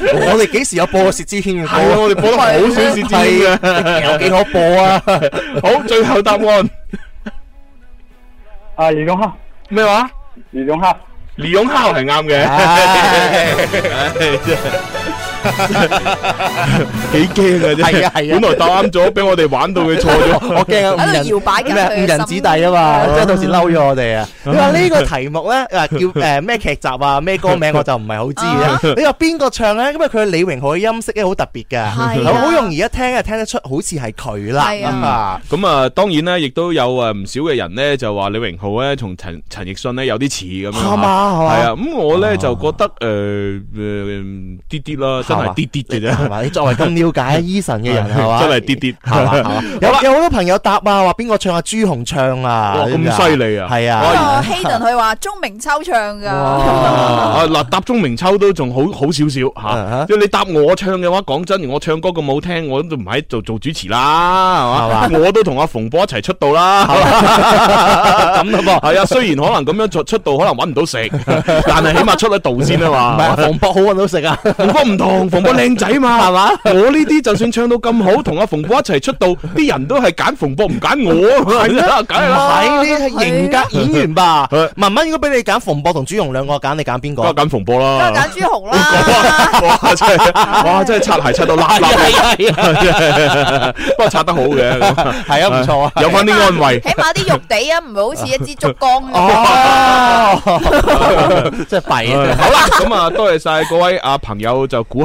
S4: 我哋幾時有播薛之謙嘅歌？係啊，我哋播得好少薛之謙啊，有幾可播啊？好，最後答案。
S2: 啊，余永克，咩話？余永克。李
S3: 勇浩係啱嘅。幾驚啊！真係啊，係啊，本來答啱咗，俾我哋玩到佢錯咗，我驚啊！誤人搖
S4: 擺嘅咩？誤人子弟啊嘛，即係到時嬲咗我哋啊！你話呢個題目咧，叫誒咩劇集啊？咩歌名我就唔係好知啦。你話邊個唱咧？因為，佢李榮浩嘅音色咧好特別嘅，好容易一聽啊，聽得出好似係佢啦。
S3: 咁啊，當然咧，亦都有誒唔少嘅人咧，就話李榮浩咧，同陳陳奕迅咧有啲似咁啊嘛，係啊。咁我咧就覺得誒啲啲啦。真係啲啲嘅啫，係嘛？你作為咁了
S4: 解 Eason 嘅人，係嘛？真係啲
S3: 啲。係嘛？
S4: 有有好多朋友答啊，話邊個唱啊？朱紅唱啊，咁犀利啊，係啊。呢個 Hayden
S5: 佢話鍾明秋唱㗎。
S3: 嗱，答鍾明秋都仲好好少少嚇。即你答我唱嘅話，講真，我唱歌咁好聽，我都唔喺度做主持啦，係嘛？我都同阿馮博一齊出道啦，咁咯噃。係啊，雖然可能咁樣做出道，可能揾唔到食，但係起碼出咗道先啊嘛。唔係馮博好揾到食啊，唔唔同。馮馮博靚仔嘛，係嘛？我呢啲就算唱到咁好，同阿馮博一齊出道，啲人都係揀馮博唔揀我，係啊，梗係啲係型格演
S4: 員吧？文文，應該俾你揀馮博同朱紅兩個揀，你揀邊個？揀馮博啦，揀
S6: 朱紅啦，哇！真
S4: 係哇！真係擦鞋擦到
S3: 爛爛地，不過擦得好嘅，係啊，唔錯啊，有翻啲安慰，起碼啲肉
S5: 地啊，唔會好似一支竹
S3: 竿咯，哦，真係弊。好啦，咁啊，多謝晒各位啊朋友就估。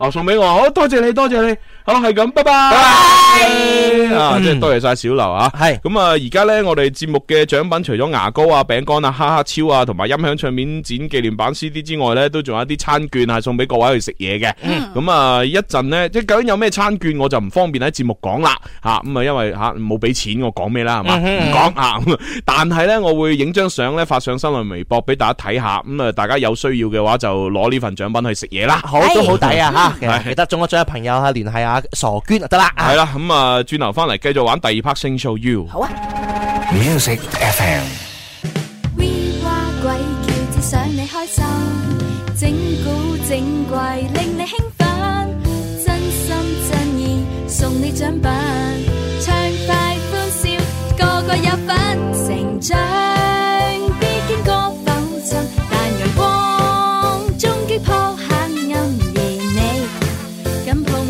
S3: 哦，送俾我，好多謝你，多謝你，好係咁，拜拜，啊，即係多謝晒小劉啊，係是，咁啊，而家咧我哋節目嘅獎品除咗牙膏啊、餅乾啊、哈哈超啊，同埋音響唱片展紀念版 CD 之外咧，都仲有一啲餐券啊，送俾各位去食嘢嘅，咁、嗯、啊一陣呢，即係究竟有咩餐券我、啊嗯啊，我就唔方便喺節目講啦，吓，咁啊因為吓冇俾錢我講咩啦係嘛，唔講啊，但係咧我會影張相咧發上新浪微博俾大家睇下，咁、嗯、啊大家有需要嘅話就攞呢份獎品去食嘢啦，是
S4: 好都好抵啊吓。嗯啊
S3: 係，記得中咗獎嘅朋友吓，聯繫阿傻娟就得啦。係啦，咁啊，轉頭翻嚟繼續玩第二 part，Sing Show You。好
S2: 啊，Music FM。
S5: V 花鬼叫只想你開心，整古整怪令你興奮，真心真意送你獎品，暢快歡笑個個有份成長。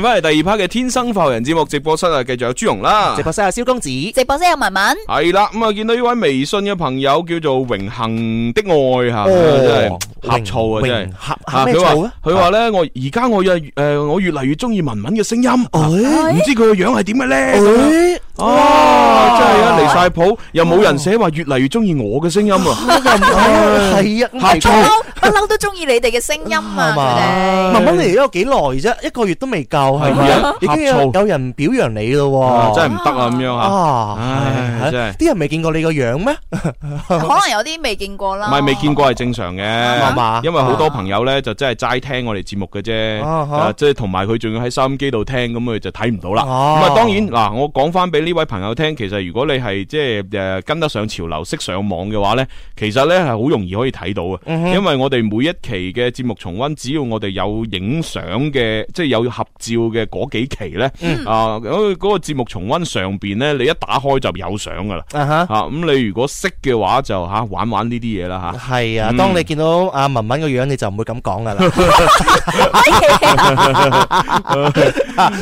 S3: 翻嚟第二 part 嘅天生快活人節目直播室啊，繼續有朱蓉啦，直播室有蕭公子，
S5: 直播室有文文，
S3: 係啦，咁啊見到呢位微信嘅朋友叫做榮幸的愛吓，哦，呷醋啊，真係呷，佢話佢話咧，我而家我啊誒，我越嚟越中意文文嘅聲音，唔知佢個樣係點嘅咧，誒，真係啊，離晒譜，又冇人寫話越嚟越中意
S4: 我嘅聲音啊，
S5: 係啊，呷醋，不嬲都中意你哋嘅聲音啊，
S4: 文文你嚟咗幾耐啫，一個月都未夠。又係，已經有人表揚你咯，真係唔
S3: 得啊！咁樣吓，唉，真係。
S4: 啲人未見過你個樣咩？
S5: 可能有啲未見過啦。唔係
S3: 未見過係正常嘅，因為好多朋友咧就真係齋聽我哋節目嘅啫，即係同埋佢仲要喺收音機度聽，咁佢就睇唔到啦。咁啊，當然嗱，我講翻俾呢位朋友聽，其實如果你係即係誒跟得上潮流，識上網嘅話咧，其實咧係好容易可以睇到嘅，因為我哋每一期嘅節目重溫，只要我哋有影相嘅，即係有合照嘅嗰幾期咧，嗯、啊，嗰、那個節目重溫上邊咧，你一打開就有相噶啦，吓、啊，咁、啊啊、你如果識嘅話
S4: 就吓、啊、玩玩呢啲嘢啦吓。係啊，啊嗯、當你見到阿、啊、文文個樣，你就唔會咁講噶啦。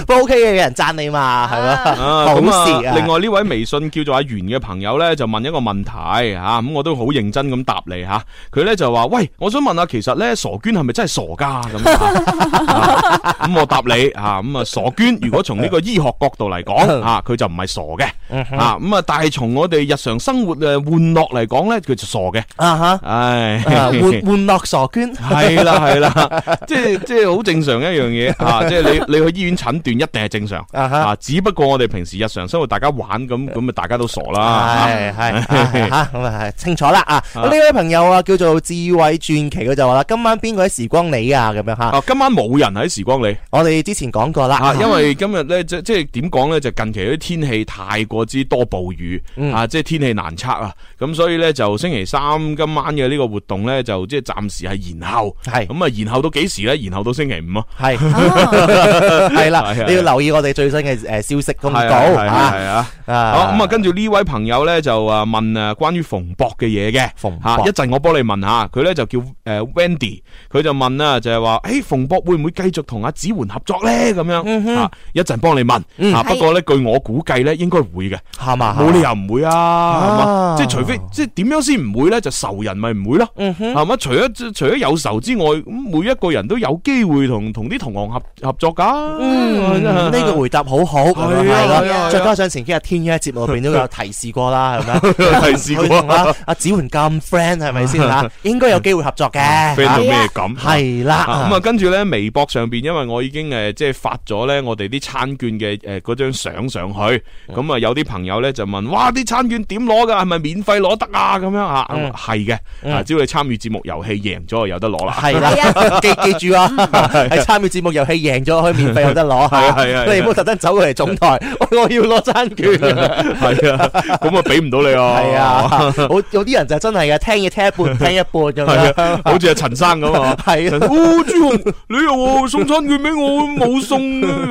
S4: 不 OK 嘅有人讚你嘛，係咯，好、啊啊、事啊，啊。另外
S3: 呢位微信叫做阿圓嘅朋友咧，就問一個問題吓，咁、啊、我都好認真咁答你吓。佢、啊、咧就話，喂，我想問下，其實咧傻娟係咪真係傻家咁？咁我答你。啊咁啊傻娟！如果從呢個醫學角度嚟講，啊佢就唔係傻嘅，啊咁啊，但係從我哋日常生活嘅玩樂嚟講咧，佢就傻嘅。啊哈，唉，玩
S4: 玩樂傻娟，係啦係啦，
S3: 即係即係好正常一樣嘢啊！即係你你去醫院診斷一定係正常啊哈，只不過我哋平時日常生活大家玩咁咁啊，大家都傻啦。係係吓咁
S4: 啊，係清楚啦啊！呢位朋友啊，叫做智慧傳奇，佢就話啦，今晚邊個喺時光裏啊？咁樣吓？哦，
S3: 今晚冇人喺時光裏。
S4: 我哋之前。前講過啦，吓，因為
S3: 今日咧即即係點講咧，就近期啲天氣太過之多暴雨，吓，即係天氣難測啊，咁所以咧就星期三今晚嘅呢個活動咧就即係暫時係延後，係，咁啊延後到幾時咧？延後到星期五啊，係，係啦，你要留意我哋最新嘅
S4: 誒消息通告啊，係啊，
S3: 好，咁啊跟住呢位朋友咧就啊問啊關於馮博嘅嘢嘅，馮博，一陣我幫你問下，佢咧就叫誒 Wendy，佢就問啦，就係話，誒馮博會唔會繼續同阿子媛合作咧？咧咁樣，啊，一陣幫你問，啊，不過咧據我估計咧應該會嘅，係嘛，冇理由唔會啊，係嘛，即係除非即係點樣先唔會咧，就仇人咪唔會咯，係嘛，除咗除咗有仇之外，咁每一個人
S4: 都有機會同同啲同行合合作噶，呢個回答好好，再加上前幾日天一節目邊都有提示過啦，係咪？提示過啦，阿子煥咁 friend 係咪先啊？應該有機會合作嘅，friend 到咩咁？係啦，咁
S3: 啊跟住咧微博上邊，因為我已經誒。即係發咗咧，我哋啲餐券嘅誒嗰張相上去，咁啊有啲朋友咧就問：哇，啲餐券點攞噶？係咪免費攞得啊？咁樣啊，係嘅，只要你參與節目遊戲贏咗就有得攞啦。係啦，記記住
S4: 啊，係參與節目遊戲贏咗可以免費有得攞。係啊，啊，你唔好特登走過嚟總台，我要攞餐券啊。係啊，咁啊俾唔到你啊。係啊，有啲人就真係啊，聽嘢聽一半聽一半咁就啦。好似
S3: 阿陳生咁啊。係啊，哦朱紅，你又送餐券俾我。好送啊！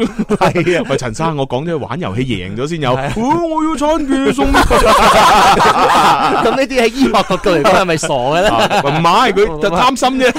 S3: 係啊，喂，陳生，我講咗玩遊戲贏咗先有，我要餐券送。咁呢啲喺醫
S4: 學角度嚟講，佢係咪傻嘅咧？唔係佢就貪心啫，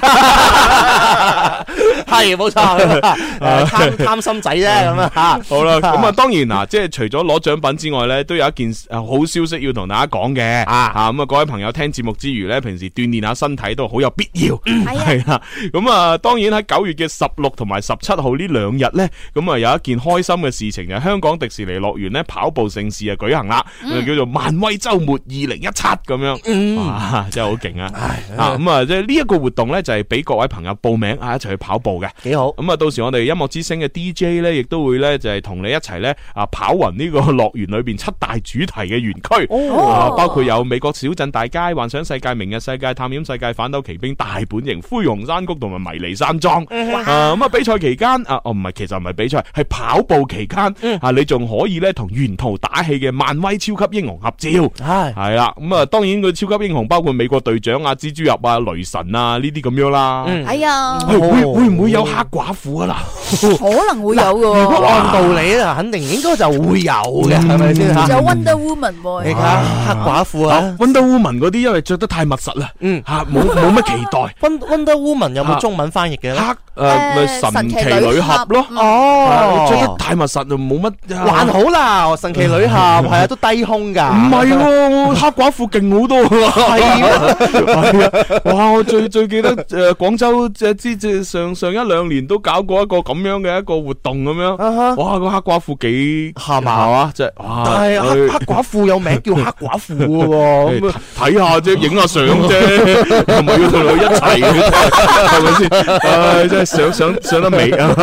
S4: 係冇錯，貪貪心仔啫咁啊！好啦，咁啊，當然嗱，
S3: 即係除咗攞獎品之外咧，都有一件好消息要同大家講嘅啊！啊，咁啊，各位朋友聽節目之餘咧，平時鍛煉下身體都好有必要，係啦。咁啊，當然喺九月嘅十六同埋十七號呢兩。兩日咧，咁、嗯、啊有一件開心嘅事情就香港迪士尼樂園咧跑步盛事啊舉行啦，嗯、叫做漫威周末二零一七咁樣，嗯、真係好勁啊，唉啊咁啊即係呢一個活動咧，就係、是，俾各位朋友報名啊一齊去跑步嘅，幾好，咁啊到時我哋音樂之聲嘅 DJ 咧亦都會咧就係、是，同你一齊咧啊跑勻呢個樂園裏邊七大主題嘅園區，哦啊，包括有美國小鎮大街、幻想世界、明日世界、探險世界、反斗奇兵大本營、灰熊山谷同埋迷離山莊，哇啊咁、嗯、啊比賽期間啊唔係，其實唔係比賽，係跑步期間啊！你仲可以咧同沿途打氣嘅漫威超級英雄合照，係係啦。咁啊，當然個超級英雄包括美國隊長啊、蜘蛛俠啊、雷神啊呢啲咁樣啦。
S5: 係啊，會會唔會有
S3: 黑寡婦啊？可
S5: 能會有嘅。按道理啊，肯定應該就
S3: 會有嘅，係咪先？有 Wonder
S5: Woman 喎。你睇
S4: 下黑寡婦啊，Wonder Woman 嗰啲因為着得太密實啦，嗯嚇，冇冇乜期待。Wonder Woman 有冇中文翻譯嘅？黑誒神奇女俠。咯哦，追得太密實就冇乜，還好啦，神奇女俠係啊都低胸噶，唔係喎黑寡婦勁好多，係啊係
S3: 啊，哇我最最記得誒廣州即係上上一兩年都搞過一個咁樣嘅一個活動咁樣，哇個黑寡婦幾吓嘛吓哇真係，但係黑
S4: 黑寡婦有名叫黑寡婦嘅，咁啊睇下啫，影下相啫，唔係要同佢一齊，係咪先？唉真係想想想得美啊！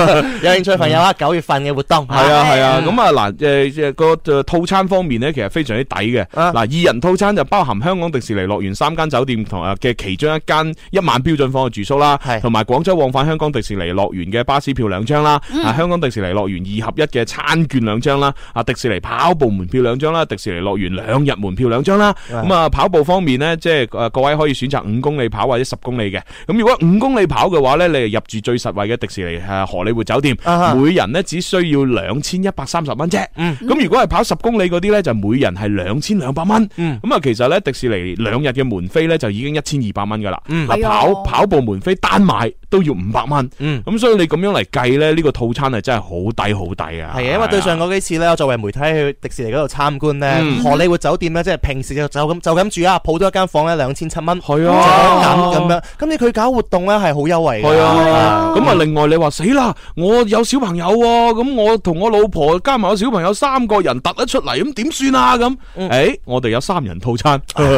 S4: 有興趣朋友啊九、嗯、月份嘅活動係啊係啊，咁啊嗱，誒即
S3: 係個套餐方面呢，其實非常之抵嘅。嗱、啊，二人套餐就包含香港迪士尼樂園三間酒店同誒嘅其中一間一晚標準房嘅住宿啦，同埋廣州往返香港迪士尼樂園嘅巴士票兩張啦，嗯、啊香港迪士尼樂園二合一嘅餐券兩張啦，啊迪士尼跑步門票兩張啦，迪士尼樂園兩日門票兩張啦。咁啊、嗯、跑步方面呢，即係、呃、各位可以選擇五公里跑或者十公里嘅。咁如果五公里跑嘅話呢，你係入住最實惠嘅迪士尼誒荷里活走酒店，每人咧只需要兩千一百三十蚊啫。咁如果係跑十公里嗰啲咧，就每人係兩千兩百蚊。咁啊，其實咧迪士尼兩日嘅門飛咧就已經一千二百蚊噶啦。嗱，跑跑步門飛單買都要五百蚊。咁所以你咁樣嚟計咧，呢個套餐係真係好抵好抵啊！係
S4: 啊，因為對上嗰幾次咧，我作為媒體去迪士尼嗰度參觀咧，荷里活酒店咧即係平時就咁就咁住啊，普通一間房咧兩千七蚊。係啊，就係咁樣。咁你佢搞活動咧係好優惠嘅。係啊。
S3: 咁啊，另外你話死啦我有小朋友喎、啊，咁我同我老婆加埋我小朋友三個人突得出嚟，咁點算啊？咁，誒、嗯哎，我哋有三人套餐，係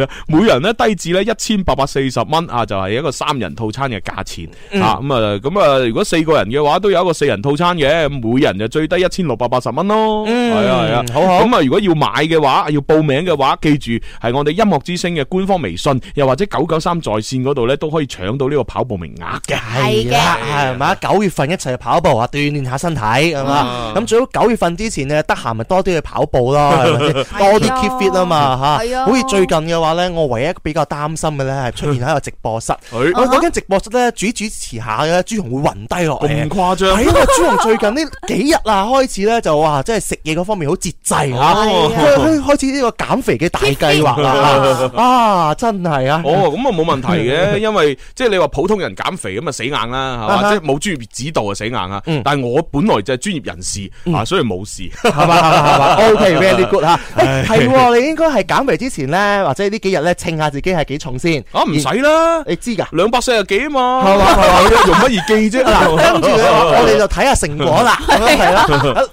S3: 啦、啊，每人咧低至咧一千八百四十蚊啊，就係、是、一個三人套餐嘅價錢、嗯、啊。咁、嗯、啊，咁啊，如果四個人嘅話，都有一個四人套餐嘅，每人就最低一千六百八十蚊咯。係啊係啊，好好。咁啊，如果要買嘅話，要報名嘅話，記住係我哋音樂之聲嘅官方微信，又或者九九三在綫嗰度咧，都可以搶到呢個跑步名額嘅。係嘅，
S4: 係咪？九月份一。一齊跑步啊，鍛煉下身體，係嘛？咁最好九月份之前咧，得閒咪多啲去跑步咯，多啲 keep fit 啊嘛，吓！好似最近嘅話咧，我唯一比較擔心嘅咧係出現喺個直播室。我間直播室咧，主主持下嘅朱紅會暈低落。咁誇張？係啊，朱紅最近呢幾日啊，開始咧就話，即係食嘢嗰方面好節制啊，開始呢個減肥嘅大計劃啊！啊，真係啊！哦，咁啊冇問題嘅，
S3: 因為即係你話普通人減肥咁啊死硬啦，即係冇專業指導。死硬啊！但係我本來就係專業人士啊，所以冇事，
S4: 係嘛 OK，very good 啊！係喎，你應該係減肥之前咧，或者呢幾日咧稱下自己係幾重先。啊，唔使啦，你知噶，兩百四十幾啊嘛，係嘛，
S3: 用乜嘢計啫？跟住我哋就睇下成果啦，係啦，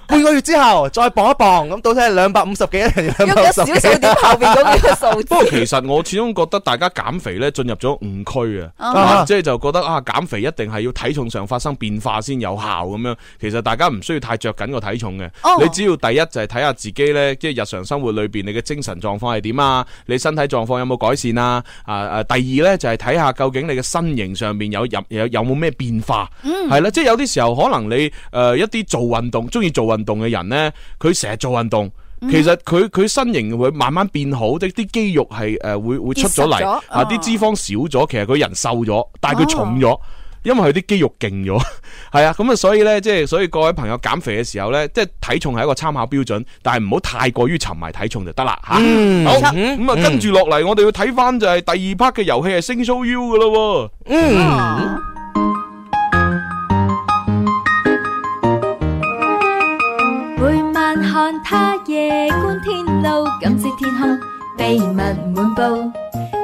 S4: 半個月之後再磅一磅，咁到底係兩百五十幾一少少點後邊嗰個數字。
S3: 不過其實我始終覺得大家減肥咧進入咗誤區啊，即係就覺得啊，減肥一定係要體重上發生變化。先有效咁樣，其實大家唔需要太着緊個體重嘅。Oh. 你只要第一就係睇下自己呢，即係日常生活裏邊你嘅精神狀況係點啊？你身體狀況有冇改善啊？啊、呃、啊！第二呢，就係睇下究竟你嘅身形上面有有有冇咩變化？係啦、mm.，即係有啲時候可能你誒、呃、一啲做運動，中意做運動嘅人呢，佢成日做運動，mm. 其實佢佢身形會慢慢變好，即、就、啲、是、肌肉係誒、呃、會會出咗嚟、oh. 啊，啲脂肪少咗，其實佢人瘦咗，但係佢重咗。Oh. 因為佢啲肌肉勁咗，係啊，咁啊，所以咧，即係所以各位朋友減肥嘅時候咧，即係體重係一個參考標準，但係唔好太過於沉迷體重就得啦吓。好，咁、嗯、啊，跟住落嚟，我哋要睇翻就係第二 part 嘅遊戲係星 show U 噶啦。嗯。
S5: 每晚看他夜觀天路，感朝天空秘密滿布。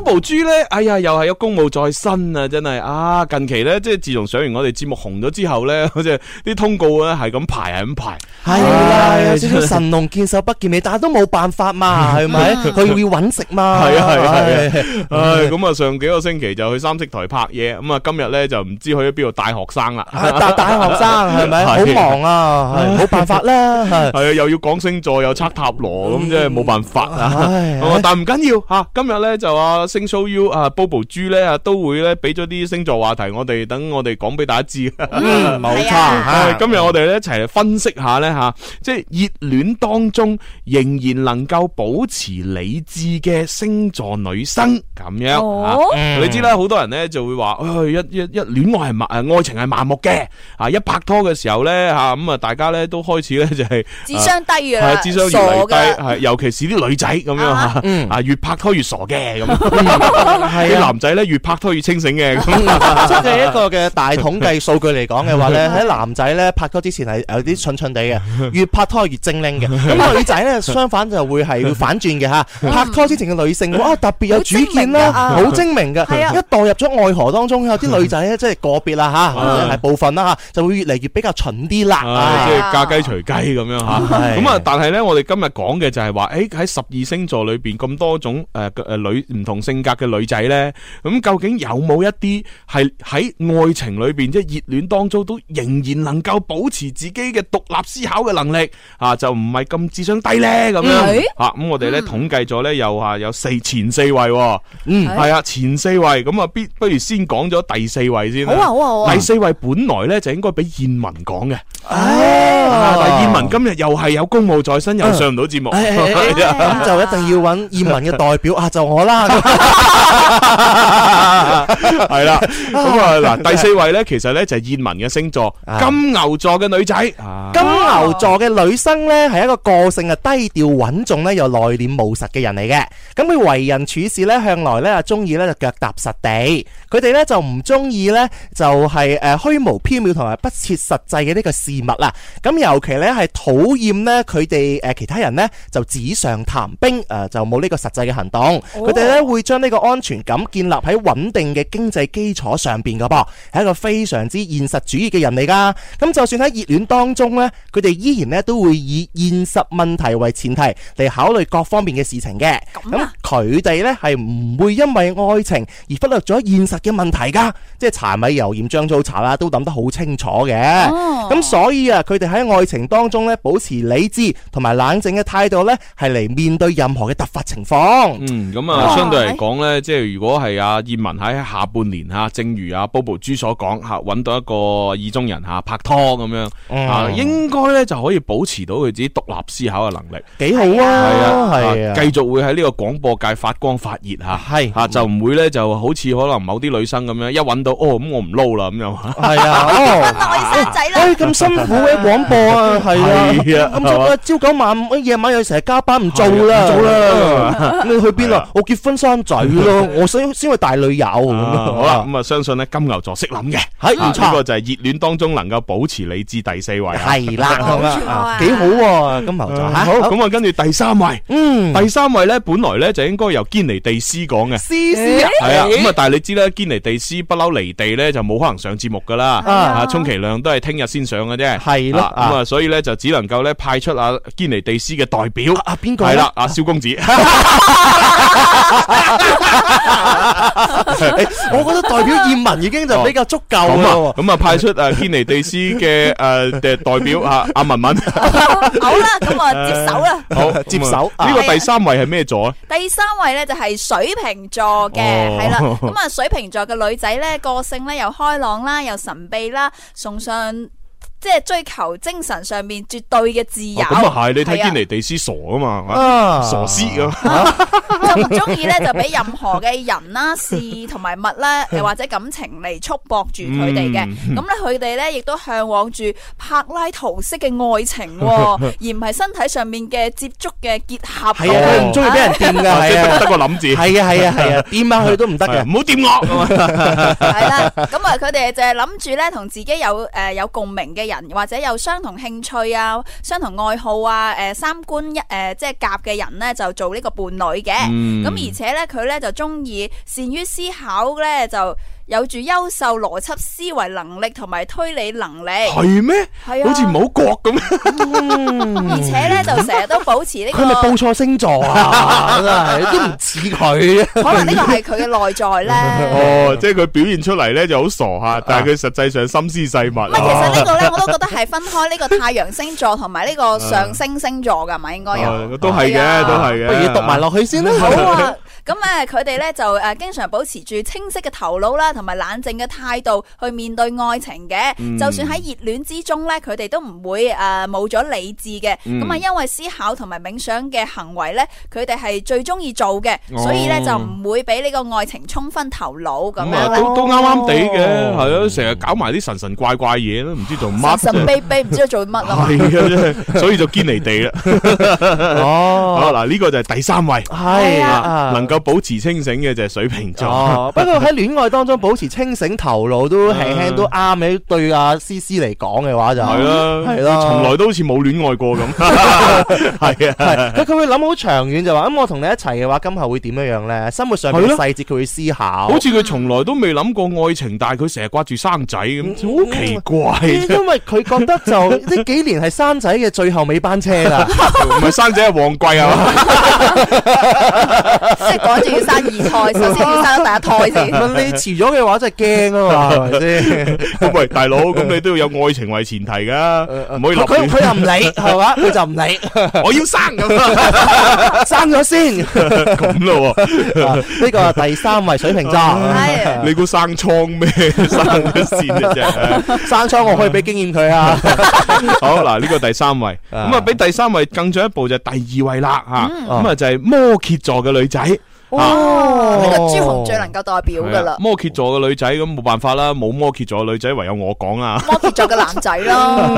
S3: 部豬咧，哎呀，又係有公務在身啊，真係啊！近期咧，即係自從上完我哋節目紅咗之後咧，好似啲通告咧係咁排，係咁排，係
S4: 啦，有少少神龍見首不見尾，但係都冇辦法嘛，係咪？佢要搵食嘛，係啊，係啊，唉，
S3: 咁啊，上幾個星期就去三色台拍嘢，咁啊，今日咧就唔知去咗邊度帶學生啦，係大大學生，係咪？好忙啊，冇辦法啦，係啊，又要講星座，又測塔羅，咁即係冇辦法啊，但唔緊要吓，今日咧就啊。show you 啊，Bobo 豬咧啊，都會咧俾咗啲星座話題，我哋等我哋講俾大家知。冇、嗯、 *laughs* 錯，係、啊、今日我哋一齊分析一下咧吓，嗯、即係熱戀當中仍然能夠保持理智嘅星座女生咁樣，你知啦，好多人咧就會話、哎，一一一戀愛係愛情係盲目嘅啊。一拍拖嘅時候咧吓，咁啊大家咧都開始咧就係智商低噶智商係，越嚟越低的尤其是啲女仔咁樣吓，啊、嗯、啊越拍拖越傻嘅咁。 *laughs* 係 *laughs* 男仔咧
S4: 越拍拖越清醒嘅，咁
S3: 即係一個嘅大統計
S4: 數據嚟講嘅話咧，喺男仔咧拍拖之前係有啲蠢蠢地嘅，越拍拖越精靈嘅。咁女仔咧相反就會係會反轉嘅吓，拍拖之前嘅女性啊特別有主見啦，好精明嘅，啊是啊，一墮入咗愛河當中有啲女仔咧，即係個別啦吓，係部分啦吓，就會越嚟越比較蠢啲啦，即係嫁
S3: 雞隨雞咁樣吓。咁、就、啊、是，是的 但係咧我哋今日講嘅就係話，誒喺十二星座裏邊咁多種誒誒女唔同。性格嘅女仔咧，咁究竟有冇一啲係喺愛情裏邊即係熱戀當中都仍然能夠保持自己嘅獨立思考嘅能力啊？就唔係咁智商低咧咁樣啊！咁我哋咧統計咗咧，又啊有四前四位，嗯係啊前四位咁啊，必不如先講咗第四位先。好啊好啊好啊！第四位本來咧就應該俾
S4: 燕文講嘅，但係燕文今日又係有公務在身，又上唔到節目，咁就一定要揾燕文嘅代表啊！就我啦。係啦，咁啊嗱，第
S3: 四位呢，其實呢，就係燕文嘅星座，金牛座嘅女仔。金
S4: 牛座嘅女生呢，係一個個性啊低調穩重呢，又內斂務實嘅人嚟嘅。咁佢為人處事呢，向來呢，啊中意呢，就腳踏實地。佢哋呢，就唔中意呢，就係誒虛無縹緲同埋不切實際嘅呢個事物啦。咁尤其呢，係討厭呢，佢哋誒其他人呢，就紙上談兵誒就冇呢個實際嘅行動。佢哋呢，會。將呢個安全感建立喺穩定嘅經濟基礎上邊噶噃，係一個非常之現實主義嘅人嚟噶。咁就算喺熱戀當中呢，佢哋依然呢，都會以現實問題為前提嚟考慮各方面嘅事情嘅。咁佢哋呢，係唔會因為愛情而忽略咗現實嘅問題噶，即係柴米油鹽醬醋茶啦，都諗得好清楚嘅。哦，咁所以啊，佢哋喺愛情當中呢，保持理智同埋冷靜嘅態度呢，係嚟面對任何嘅突發情況。嗯，咁啊，相
S3: 對。講咧，即係如果係阿葉文喺下半年吓，正如阿 Bobo 豬所講吓，揾到一個意中人吓，拍拖咁樣吓，應該咧就可以保持到佢自己獨立思考嘅能力，幾好啊！係啊，繼續會喺呢個廣播界發光發熱吓，係就唔會咧就好似可能某啲女生咁樣一揾到哦咁我唔撈啦，咁樣，
S4: 係啊，咁辛苦嘅廣播啊，係啊，咁朝九晚五，夜晚又成日加班唔做啦，唔做啦。你去邊啊？我結婚生。嘴咯，我想先去大女友咁。好啦，
S3: 咁啊，相信咧金牛座識諗嘅，唔錯就係熱戀當中能夠保持理智，第四位係啦，好幾好喎金牛座。好，咁啊，跟住第三位，嗯，第三位咧本來咧就應該由堅尼地斯講嘅，斯斯係啊，咁啊，但係你知咧堅尼地斯不嬲離地咧就冇可能上節目噶啦，啊，充其量都係聽日先上嘅啫，係咯，咁啊，所以咧就只能夠咧派出阿堅尼地斯嘅代表，啊邊個係啦，阿蕭公子。
S4: *laughs*
S3: 欸、我覺得代表葉文已經就比較足夠啦。咁啊，派出誒天尼地斯嘅誒代表啊，阿文文。 *laughs* 好啦，咁啊接手啦。好，接手吧。呢個第三位係咩座是啊？
S5: 第三位咧就係、是、水瓶座嘅，係啦、哦。咁啊，水瓶座嘅女仔咧，個性咧又開朗啦，又神秘啦，送上。即係追求精神上面絕對嘅自由。咁啊係，你睇見尼
S3: 地斯傻啊嘛，傻斯
S5: 咁。咁中意咧就俾任何嘅人啦、事同埋物又或者感情嚟束縛住佢哋嘅。咁咧佢哋咧亦都向往住柏拉圖式嘅愛情，而唔係身體上面嘅接觸嘅結合。係啊，佢唔中
S4: 意俾人掂噶，得個諗字。係啊係啊係啊，掂下佢都唔得嘅，唔好掂我。係啦，
S5: 咁啊，佢哋就係諗住咧同自己有誒有共鳴嘅人或者有相同興趣啊、相同愛好啊、三觀一、呃、即係夾嘅人咧，就做呢個伴侶嘅。咁、嗯、而且咧，佢咧就鍾意善於思考咧就。有住優秀邏輯思維能力同埋推理能力，係咩？係啊，好似唔
S4: 好覺咁。而
S5: 且咧，就成日都保持呢個。佢咪報錯
S4: 星座啊？都唔
S3: 似佢。可能呢個係
S5: 佢嘅內在咧。哦，
S3: 即係佢表現出嚟咧就好傻吓，但係佢實際上心思細密。唔係，其實呢個咧，
S5: 我都覺得係分開呢個太陽星座同埋呢個上升星座噶，係咪應該有？都
S3: 係嘅，都係嘅。不如讀埋落去
S4: 先啦。好啊。
S5: 咁誒，佢哋咧就誒經常保持住清晰嘅頭腦啦，同埋冷靜嘅態度去面對愛情嘅。就算喺熱戀之中咧，佢哋都唔會誒冇咗理智嘅。咁啊，因為思考同埋冥想嘅行為咧，佢哋係最中意做嘅，所以咧就唔會俾呢個愛情衝昏頭腦咁樣啦。都啱啱地嘅，
S3: 係啊，成日搞埋啲神神怪怪嘢啦，都唔知做乜神悲
S5: 悲，唔知做乜啊，
S3: 所以就堅尼地啦。哦，嗱，呢個就係第三位，係啊，能夠。保持清醒嘅就係水瓶座。哦，不
S4: 過喺戀愛當中保持清醒頭腦都輕輕都啱嘅，對阿 C C 嚟講嘅話就係咯，係咯，從來都好似冇戀愛過咁。係啊，佢佢會諗好長遠就話，咁我同你一齊嘅話，今後會點樣樣咧？生活上面細節佢會思考。好
S3: 似佢從來都未諗過愛情，但係佢成日掛住生仔咁，好奇怪。因為
S4: 佢覺得就呢幾年係生仔嘅最後尾班車啦，唔係生仔係旺季係講住要生二胎，首先要生第一胎先。咁你遲咗嘅話，真係驚啊嘛，係
S3: 咪先？喂，大佬，咁你都要有愛情為前提噶，唔可以佢佢又唔理，
S4: 係嘛？佢就唔理。我要生，生咗先。咁咯，呢個第三位水瓶座。你估生瘡咩？生咗先。生瘡我可以俾經驗
S3: 佢啊。好嗱，呢個第三位，咁啊，比第三位更進一步就係第二位啦。吓，咁啊就係摩羯座嘅女仔。哇！呢個、哦啊、朱紅最能
S5: 夠代表噶啦，摩
S3: 羯座嘅女仔咁冇辦法啦，冇摩羯座嘅女仔唯有我講啦。摩
S5: 羯座嘅男仔啦，
S3: 誒、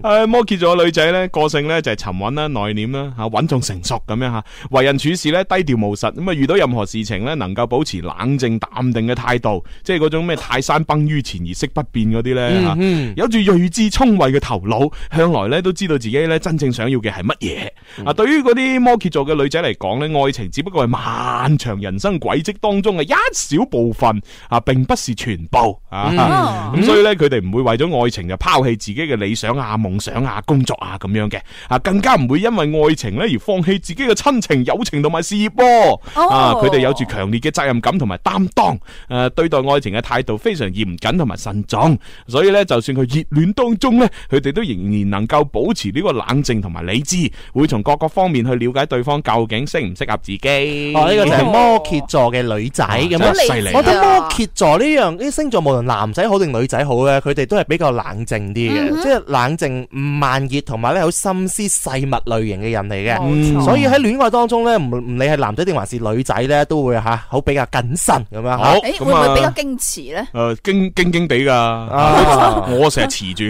S3: *laughs* 嗯，摩羯、啊、座嘅女仔咧，個性咧就係沉穩啦、內斂啦吓、穩重成熟咁樣吓，為人處事咧低調務實，咁啊遇到任何事情咧，能夠保持冷靜淡定嘅態度，即係嗰種咩泰山崩於前而色不變嗰啲咧吓，有住睿智聰慧嘅頭腦，向來咧都知道自己咧真正想要嘅係乜嘢。啊，對於嗰啲摩羯座嘅女仔嚟講咧，愛情只不過係漫長人生軌跡當中嘅一小部分啊，並不是全部啊，咁、mm hmm. 所以咧，佢哋唔會為咗愛情就拋棄自己嘅理想啊、夢想啊、工作啊咁樣嘅啊，更加唔會因為愛情咧而放棄自己嘅親情、友情同埋事業噃啊！佢哋、oh. 啊、有住強烈嘅責任感同埋擔當，誒、啊，對待愛情嘅態度非常嚴謹同埋慎重，所以咧，就算佢熱戀當中咧，佢哋都仍然能夠保持呢個冷靜同埋理智，會從各個方面去了解對方究竟適唔適合自己。呢個就係摩
S4: 羯座嘅女仔咁樣，我覺得摩羯座呢樣呢星座無論男仔好定女仔好咧，佢哋都係比較冷靜啲嘅，即係冷靜、慢熱同埋咧好心思細密類型嘅人嚟嘅。所以喺戀愛當中咧，唔唔理係男仔定還是女仔咧，都會吓好比較謹慎咁樣。好，會
S5: 唔會比較矜持咧？誒，
S3: 矜矜矜地噶，我成日持住，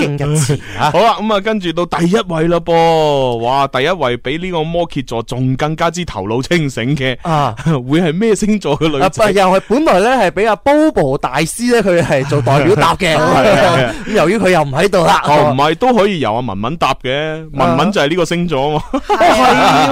S3: 矜一持啊！好啦，咁啊，跟住到第一位啦噃，哇，第一位比呢個摩羯座仲更加之頭。頭腦清醒嘅啊，會係咩星座
S4: 嘅女？又係本來咧，係俾阿 Bobo 大師咧，佢係做代表答嘅。
S3: 由於
S4: 佢又唔喺度啦，哦，唔
S3: 係都可以由阿文文答嘅。文文就係呢個星座係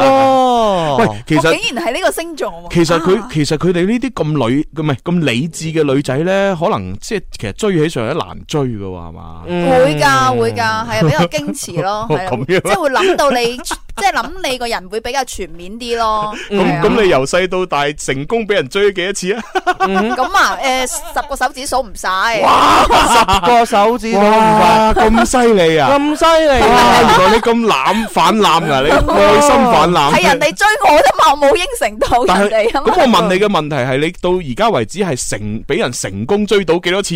S3: 喂，其實竟
S5: 然係呢個星座。
S3: 其實佢其實佢哋呢啲咁女唔係咁理智嘅女仔咧，可能即係其實追起上嚟難追嘅話係嘛？會噶會噶，
S5: 係比較矜持咯，係即係會諗到你，即係諗你個人會比較全面啲咯。咁
S3: 咁你由細到大成功俾人追幾多次啊？
S5: 咁啊，誒，十個手指數唔晒。哇，十個手指啊，
S3: 咁犀利啊，咁犀利啊！原來你咁濫反濫呀，你內心反濫。係人
S5: 哋追我啫嘛，我冇應承到人哋。咁我問
S3: 你嘅問題係你到而家為止係成俾人成功追到幾多次？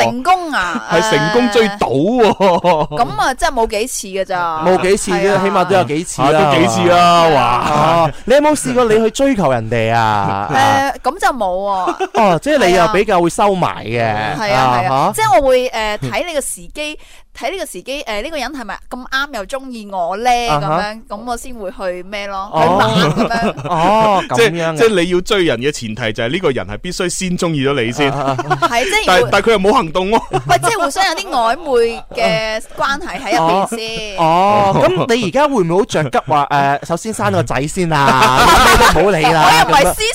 S3: 成
S5: 功啊，係成
S4: 功追到。
S3: 咁
S5: 啊，真係冇幾次㗎咋？冇幾次啫，起
S4: 碼都有幾次啦。幾次啦？哇，你～冇試過你去追求人哋啊？誒、 *laughs* 呃，
S5: 咁、啊、就冇喎、
S4: 啊。哦、啊， *laughs* 即係你又比較會收埋嘅。係啊係啊，即係
S5: 我會誒睇、呃、你嘅時機。 *laughs* 睇呢個時機，誒呢個人係咪咁啱又中意我咧？咁樣咁我先會去咩咯？哦，咁樣，
S3: 哦，即係即係你要追人嘅前提就係呢個人係必須先中意咗你先。係即係，但但佢又冇行動咯。
S5: 喂，即係互相有啲曖昧嘅關係喺
S4: 入邊先。哦，咁你而家會唔會好着急話誒？首先生個仔先啊！唔好理啦。我又唔係詩詩。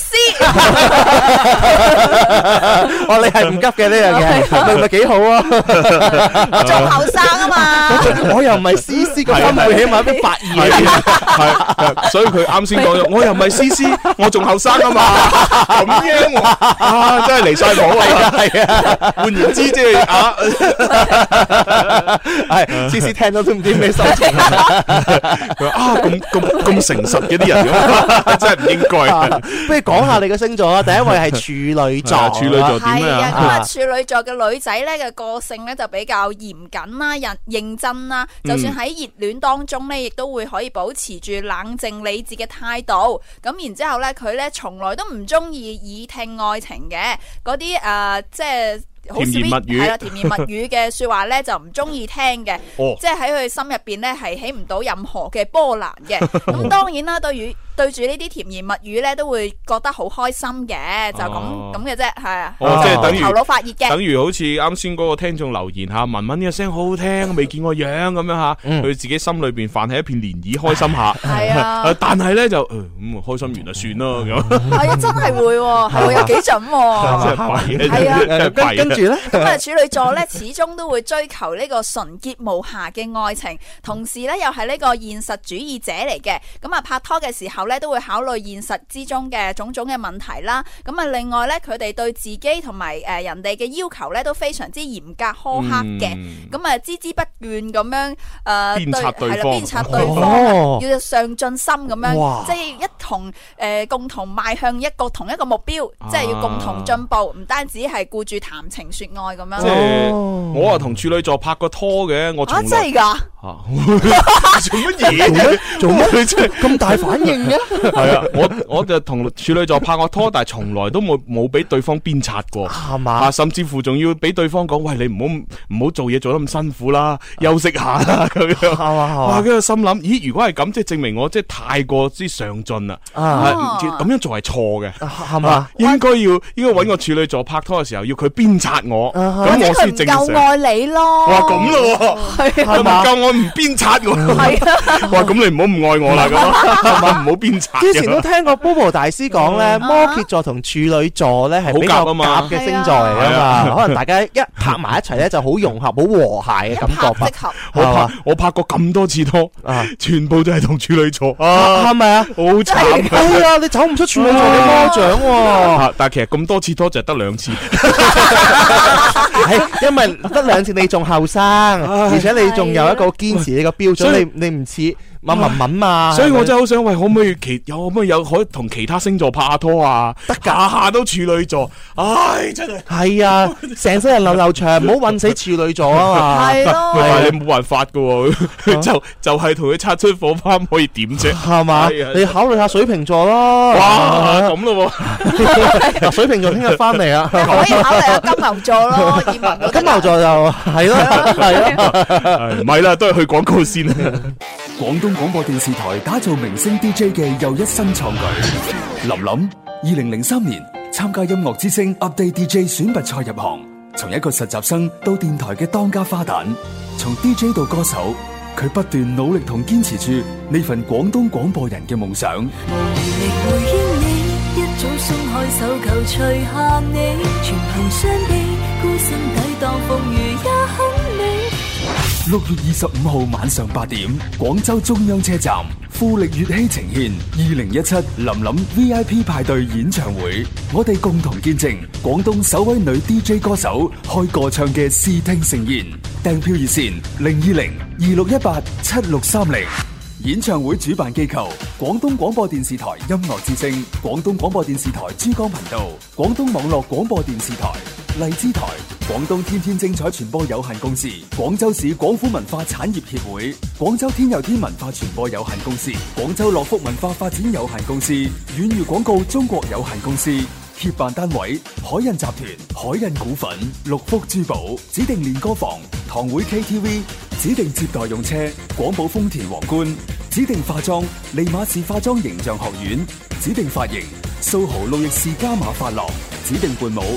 S4: 哦，你係唔急嘅呢樣嘢，咪咪幾好啊？仲
S5: 好。生啊嘛 *laughs* 我又不是，我又唔係 C C 咁，我起碼有啲發
S3: 係，所以佢啱先講，我又唔係 C C，我仲後生啊嘛，咁樣真係離晒譜啊，係啊，換言、啊、之，即係啊，係 C C 聽到都唔知咩心情，佢
S4: *laughs* 話啊，
S3: 咁咁咁誠實嘅啲人，真係唔應該、啊，
S4: 不如講下你嘅星座啊，第一位係處女座，處女座點啊？咁
S3: 啊，
S5: 處女座嘅、啊、女仔咧嘅個性咧就比較嚴謹啦，人認真啦，就算喺熱戀當中呢，嗯、亦都會可以保持住冷靜理智嘅態度。咁然之後呢，佢呢從來都唔中意耳聽愛情嘅嗰啲誒，即係。甜言蜜語係啦，甜言蜜語嘅説話咧就唔中意聽嘅，即係喺佢心入邊咧係起唔到任何嘅波瀾嘅。咁當然啦，對於對住呢啲甜言蜜語咧都會覺得好開心嘅，就咁咁嘅啫，係啊。哦，即係等於頭腦發熱嘅。等
S3: 於好似啱先嗰個聽眾留言嚇，文文呢個聲好好聽，未見過樣咁樣嚇，佢自己心裏邊泛起一片漣漪，開心下。係啊。誒，但係咧就，嗯，開心完就算囉咁。
S5: 係啊，真係會，係有幾準喎。啊，係啊。咁啊， *laughs* 處女座咧，始終都會追求呢個純潔無瑕嘅愛情，同時咧又係呢個現實主義者嚟嘅。咁啊，拍拖嘅時候咧，都會考慮現實之中嘅種種嘅問題啦。咁啊，另外咧，佢哋對自己同埋誒人哋嘅要求咧都非常之嚴格苛刻嘅。咁啊、嗯，孜孜不倦咁樣誒，對、係、呃、啦，鞭策對方，要上進心咁樣，哇即係一同、呃、共同邁向一個同一個目標，啊、即係要共同進步，唔單止係顧住談情情說愛咁樣，即係
S3: 我啊同處女座拍過拖嘅，我真係噶吓
S4: 做
S5: 乜嘢
S3: 麼？做乜嘢？
S2: 咁 *laughs* 麼 *laughs* 大反
S4: 應嘅？
S3: 係啊， *laughs* 我我就同處女座拍過拖，但係從來都冇冇俾對方鞭策過，係嘛嗎、啊？甚至乎仲要俾對方講：喂，你唔好唔好做嘢做得咁辛苦啦，休息下啦，
S4: 咁樣
S3: 係嘛？哇嗎！啊、心諗：咦？如果係咁，即係證明我即係太過之上進啦，咁、啊啊、樣做係錯嘅，係嘛嗎、啊？應該要應該搵個處女座拍拖嘅時候，要佢鞭策。我咁我先整死
S5: 你咯。我話咁咯，係咪夠
S3: 我唔鞭插我？我話咁你唔好唔愛我啦，唔
S4: 好鞭插。之前都聽過 Bobo 大師講咧，摩羯座同處女座咧係好夾噶嘛，夾嘅星座嚟噶嘛，可能大家一拍埋一齊咧就好融合、好和諧嘅感覺。我拍我拍過咁多次拖，全部都係同處女
S3: 座。係咪啊？好慘。係啊，你走唔出處女座嘅魔掌。但係其
S4: 實咁多次拖就係得兩次。係， *laughs* 因為得兩次你，哎、呀你仲後生，而且你仲有一個堅持，你個標準，你你唔似。阿文文嘛，所以我
S3: 真係好想，喂，可唔可以其有可唔可以？有可以同其他星座拍下拖啊？得噶，吓都
S4: 處女座，唉，真係係啊，成世人流流長，唔好搵死處女座啊嘛！係咯，但
S3: 係你冇辦法噶，就就係同佢擦出火花，可以點
S4: 啫？係嘛？你考慮下水瓶座咯。哇，咁咯，水瓶座聽日翻嚟啊！可以考慮金牛座咯，葉文。金牛座就係咯，
S2: 係咯，唔係啦，都係去廣告先啦，廣東。廣播電視台打造明星 DJ 嘅又一新創舉。琳琳，二零零三年參加音樂之星 Update DJ 選拔賽入行，從一個實習生到電台嘅當家花旦，從 DJ 到歌手，佢不斷努力同堅持住呢份廣東廣播人嘅夢想。
S5: 無力回憶你，一早鬆開手，求除下你，全憑傷悲，孤身抵擋風雨。
S2: 六月二十五號晚上八點，廣州中央車站，富力粵熙呈現二零一七林林 V I P 派對演唱會，我哋共同見證廣東首位女 D J 歌手開個唱嘅視聽盛宴。訂票熱線零二零二六一八七六三零。演唱會主辦機構：廣東廣播電視台音樂之聲、廣東廣播電視台珠江頻道、廣東網絡廣播電視台。荔枝台、廣東天天精彩傳播有限公司、廣州市廣府文化產業協會、廣州天佑天文化傳播有限公司、廣州樂福文化發展有限公司、遠譽廣告中國有限公司，協辦單位：海印集團、海印股份、六福珠寶指定練歌房、堂會 KTV 指定接待用車、廣寶豐田皇冠指定化妝、利馬市化妝形象學院指定髮型、蘇豪路易士加碼髮廊指定伴舞。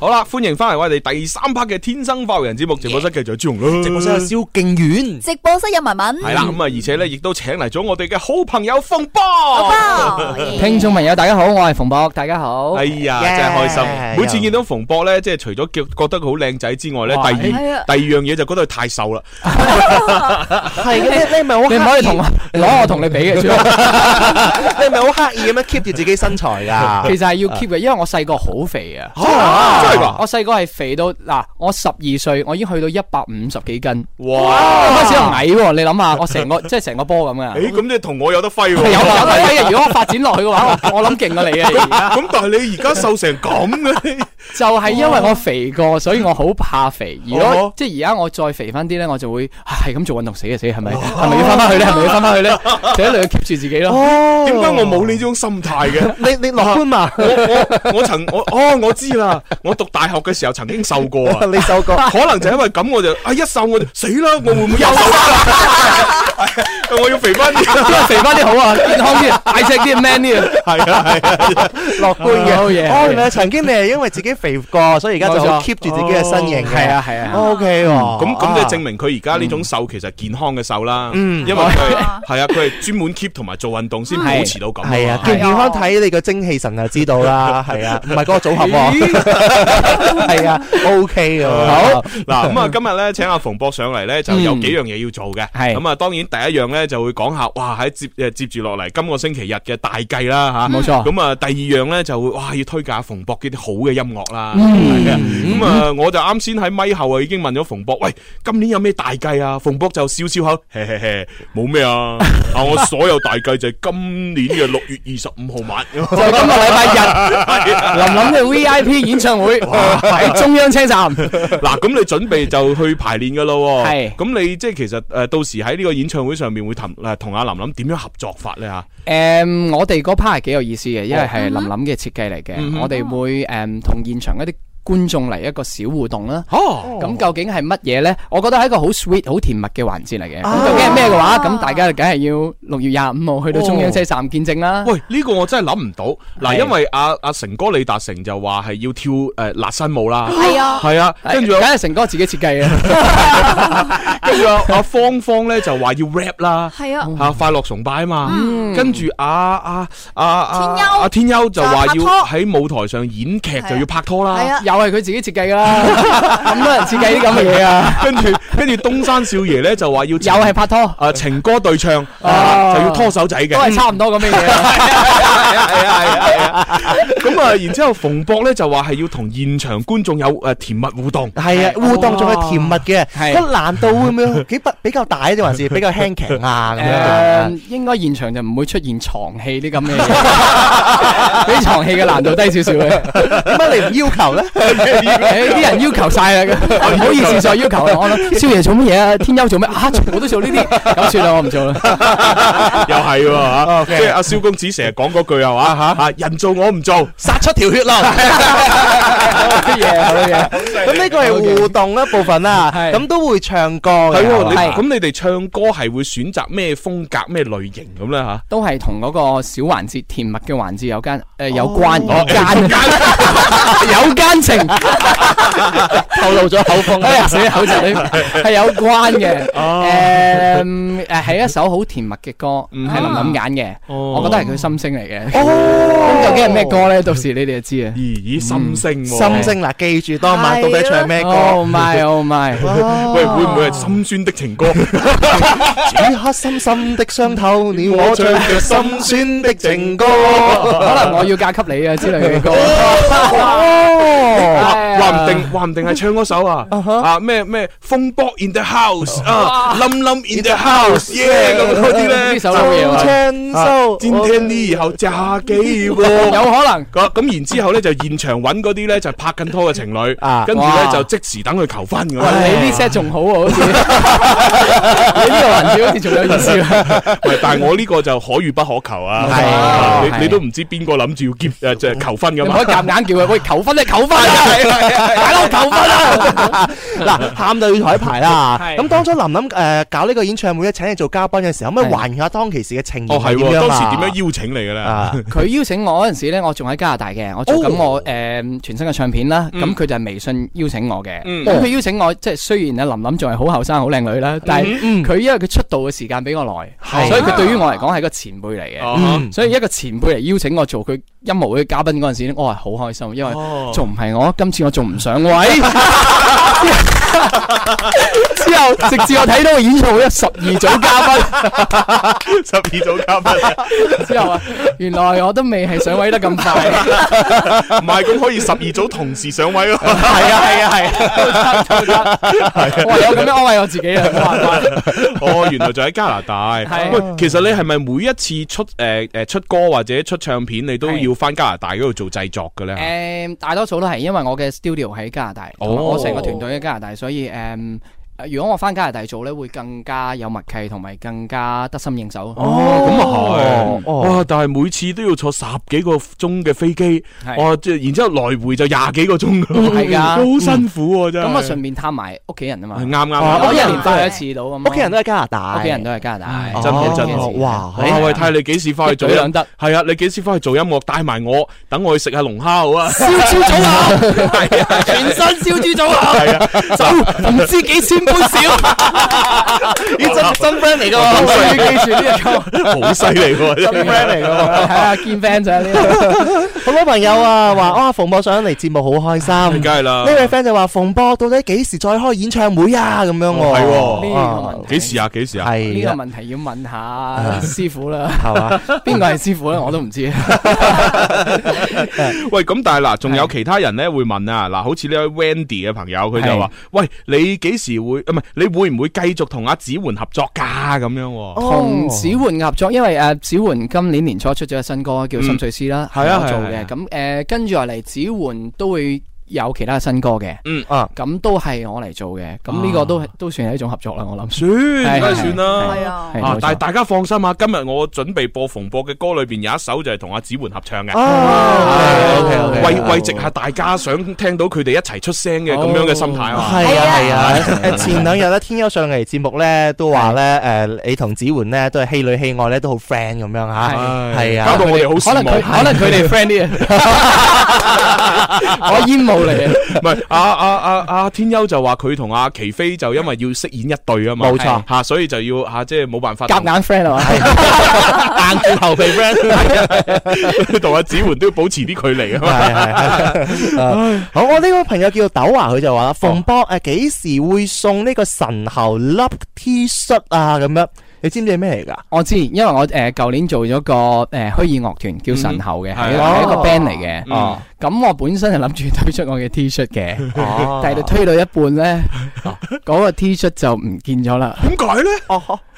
S3: 好啦，歡迎翻嚟我哋第三 part 嘅《天生快活人》節目，直播室繼續朱紅，直播室蕭敬遠，
S5: 直播室有文文，係啦，咁
S3: 啊，而且咧，亦都請嚟咗我哋嘅好朋友馮博，聽
S8: 眾朋友大家好，我係馮博，大家好，哎呀，真係開心，
S3: 每次見到馮博咧，即係除咗叫覺得佢好靚仔之外咧，第二第二樣嘢就覺得佢太瘦啦，
S4: 係你你唔可以唔係同
S3: 攞我同你比嘅，你係咪好刻意咁樣 keep 住自己身材
S8: 噶？其實係要 keep 嘅，因為我細個好肥啊。我細個係肥到嗱，我十二歲我已經去到一百五十幾斤。哇！開始又矮喎，你諗下，我成個即係成個波咁嘅。誒，
S3: 咁你同我有得揮喎？有啦，如果我發展落去嘅話，我我諗勁過你啊！咁但係你而家瘦成咁嘅，就係因為我
S8: 肥過，所以我好怕肥。如果即係而家我再肥翻啲咧，我就會係咁做運動死嘅死，係咪？係咪要翻翻
S3: 去咧？係咪要翻翻去咧？就一路要 keep 住自己咯。哦，點解我冇呢種心態嘅？你
S4: 你樂觀嘛？
S3: 我我我曾我哦，我知啦，讀大學嘅時候曾經瘦過啊，你瘦過，可能就因為咁，我就啊一瘦我死啦，我會唔會瘦啊？我要肥翻啲，即係肥翻啲好啊，健康啲，大隻啲，man 啲啊，係啊，
S4: 樂觀嘅。哦，咪曾經你係因為自己肥過，所以而家就 keep 住自己嘅身形。係啊係啊，OK。咁咁就
S3: 證明佢而家呢種瘦其實係健康嘅瘦啦。嗯，因為佢係啊，佢係專門 keep 同埋做運動先保持到咁。係啊，健唔健
S4: 康睇你個精氣神就知道啦。係啊，唔係嗰個組合。係啊，O K 啊。好嗱，咁啊
S3: 今日咧請阿馮博上嚟咧，就有幾樣嘢要做嘅，係咁啊，當然第一樣咧就會講下，哇喺接誒接住落嚟今個星期日嘅大計啦吓，冇錯，咁啊第二樣咧就會哇要推介阿馮博啲好嘅音樂啦，咁啊我就啱先喺咪後啊已經問咗馮博，喂，今年有咩大計啊？馮博就笑笑口，嘿嘿嘿，冇咩啊，啊我所有大計就係今年嘅六月二十五號晚，就今個禮拜日琳琳嘅 V I P
S1: 演唱會。喺哇中央
S3: 車站嗱，咁 *laughs* 你準備就去排練噶咯，係咁是你即係其實誒，到時喺呢個演唱會上面會同誒同阿琳琳點樣合作法咧吓？
S8: 誒，um, 我哋嗰 part 係幾有意思嘅，因為係琳琳嘅設計嚟嘅，uh huh. 我哋會誒同、um, 現場一啲。觀眾嚟一個小互動啦，咁究竟係乜嘢咧？我覺得係一個好 sweet、好甜蜜嘅環節嚟嘅。究竟係咩嘅話？咁大家梗係要六月廿五號去到中央車站見證啦。喂，
S3: 呢個我真係諗唔到嗱，因為阿阿成哥李達成就話係要跳誒辣身舞啦，係啊，係啊，跟住梗係成哥自己設計啊，跟住阿芳芳咧就話要 rap 啦，係啊，快樂崇拜啊嘛，跟住阿阿阿阿阿天優就話要喺舞台上演劇就要拍拖啦，我
S8: 係佢自己設計噶啦，
S3: 咁啊設計啲咁嘅嘢啊，跟住跟住東山少爺咧就話要 *laughs* 又係拍拖啊情歌對唱，啊啊、就要拖手仔嘅，都係差唔多咁嘅嘢啊！係啊係啊！ *laughs* 啊！然之後馮博咧就話係要同現場觀眾有誒甜蜜互動，係啊互動仲係甜蜜嘅，個
S4: 難度會唔會幾比較大
S3: 啲，還是比較輕騎啊咁樣？
S4: 誒，
S8: 應該現場就唔會出現藏戲啲咁嘅嘢，比藏戲嘅難度低少少嘅。點解你唔要求
S6: 咧？啲人要
S8: 求晒啦，唔好意思再要求。我諗少爺做乜嘢啊？天庥做咩啊？我都做呢啲，
S3: 咁算啦，我唔做啦，又係喎吓。即係阿蕭公子成日講嗰句係嘛吓，人做我
S4: 唔做。殺出條血路，好多嘢，好多嘢。咁呢個係互動一部分啦，咁都會唱歌嘅。係喎，咁
S3: 你哋唱歌係會選擇咩
S8: 風格、咩類型咁咧？吓都係同嗰個小環節、甜蜜嘅環節有關，誒，有關，有奸情，透露咗口風，係啊，所以口就係有關嘅。誒，係一首好甜蜜嘅歌，係林林揀嘅，我覺得係佢心聲嚟嘅。咁究竟係咩
S3: 歌咧？都你哋就知啊！咦咦，心聲，心聲嗱，記住當晚到底唱咩歌？Oh my，oh my，喂，會唔會係心酸的情歌？
S4: 此刻深深的傷透了我唱嘅心酸的情歌。可能我要嫁給你啊之類嘅歌。哦，話唔定話唔定係唱嗰首啊
S3: 啊咩咩，風波 in the house 啊，冧冧 in the house，yeah 咁嗰啲咧。收聽收，監聽呢，然後炸機喎。有可能。咁然之後咧，就現場揾嗰啲咧就拍緊拖嘅情侶，跟住咧就即時等佢求婚咁。你呢 set
S8: 仲好喎，好似
S3: 你呢個環節好似仲有意思。唔但係我呢個就可遇不可求啊！你你都唔知邊個諗住要結誒即
S4: 係求婚咁。唔可以夾硬叫佢！我求婚係求婚大佬求婚啊！嗱，喊到就要彩排啦。咁當初琳琳誒搞呢個演唱會咧，請你做嘉賓嘅時候，可唔可以還原下當其時嘅情節？哦，係喎，當時點樣邀請你㗎咧？佢邀請我嗰陣時咧，我仲
S8: 喺間加拿大嘅，我做緊我誒全新嘅唱片啦，咁佢就係微信邀請我嘅。咁佢邀請我，即係雖然咧林林仲係好後生、好靚女啦，但係佢因為佢出道嘅時間比我耐，所以佢對於我嚟講係個前輩嚟嘅。所以一個前輩嚟邀請我做佢音樂會嘅嘉賓嗰陣時，我係好開心，因為仲唔係我，今次我仲唔上位。
S5: 之後直至我睇到個
S8: 演唱會有十二組嘉賓，
S3: 十二組嘉賓之後
S8: 啊，原來我都未係上位
S3: 得咁快。唔係，咁 *laughs* 可以十二組同時上位咯。係、嗯、啊，係啊，係、啊啊啊啊啊啊。 *laughs* 我係有咁樣安慰我自己啊。 *laughs* 哦，原來就喺加拿大。喂、啊，其實你係咪每一次出誒誒、呃、出歌或者出唱片，你都要翻加拿大嗰度做製作嘅咧？誒、
S8: 嗯，大多數都係因為我嘅 studio 喺加拿大，我成個團隊喺加拿大，所以誒。嗯如果我翻加拿大做咧，會更加有默契同埋更加得心應手。哦，
S6: 咁啊係，
S3: 哇！但係每次都要坐十幾個鐘嘅飛機，哦，即係然之後來回就廿幾個鐘，係啊，好辛苦
S8: 真。咁啊，順便探埋屋企人啊嘛。啱啱啱。我一年
S3: 翻一次到啊嘛，屋企人都喺加拿大，屋企人都喺加拿大。真係真好，哇！喂睇下你幾時翻去做？得係啊，你幾時翻去做音樂？帶埋我，等我去食下龍蝦好啊！燒豬肘牛，係啊，
S6: 全身燒豬早牛，係啊，就唔知幾時。少，呢真係 friend 嚟噶喎，要記住呢個，好犀利
S8: 喎，真 friend 嚟噶喎，係啊，見 friend 仔呢，
S4: 好多朋友啊話啊馮博上嚟節目好開心。梗係啦，呢位 friend 就話馮博到底幾時再開演唱會啊咁樣喎，係喎，
S3: 幾時啊，幾時啊，係呢個問題要問下
S4: 師傅啦，係嘛？邊個係師傅
S8: 咧？我都唔知，
S3: 喂咁但係嗱，仲有其他人咧會問啊嗱，好似呢位 Wendy 嘅朋友佢就話，喂你幾時會？唔係，你會唔會繼續同阿子桓合作㗎？咁樣同子桓合
S8: 作，因為誒、啊、子桓今年年初出咗一新歌叫《心水詩》啦，係、嗯、啊做嘅咁誒，跟住落嚟子桓都會。有其他新歌嘅，嗯啊，咁都係我
S3: 嚟做嘅，咁呢個
S8: 都都算係一種合作啦，我諗算梗係算啦，係啊，但係大
S3: 家放心啊，今日我準備播馮博嘅歌裏邊有一首就係同阿子煥合唱嘅，為慰藉下大家想聽到佢哋一齊出聲嘅咁樣嘅心態嘛，係
S4: 啊係啊，誒前兩日咧天佑上嚟節目咧都話咧誒你同子煥咧都係戲裏戲外咧都好 friend 咁樣吓，係啊，搞到我哋好羨慕，可能可能佢哋 friend 啲，我羨慕。唔係阿阿天優就
S3: 話佢同阿奇飛就因為要飾演一對啊嘛，冇錯吓，所以就要吓、啊、即係冇辦法夾硬
S4: friend 啊嘛， *laughs* *laughs* 硬住頭皮 friend，
S3: 同阿 *laughs* *laughs* *laughs* 子媛都要保持啲距離啊嘛，係係係。
S4: 好，我呢個朋友叫做斗華，佢就話馮博誒幾時會送呢個神猴粒 T 恤啊咁樣。你知唔知係咩嚟噶？我知，因為我誒舊、呃、年做咗個誒虛擬樂團叫神后嘅，係一個 band
S8: 嚟嘅。哦，咁我本身係諗住推出我嘅 T 恤嘅，啊、但係推到一半咧，嗰、啊、個 T 恤就唔見咗啦。點
S2: 解咧？哦。 *laughs*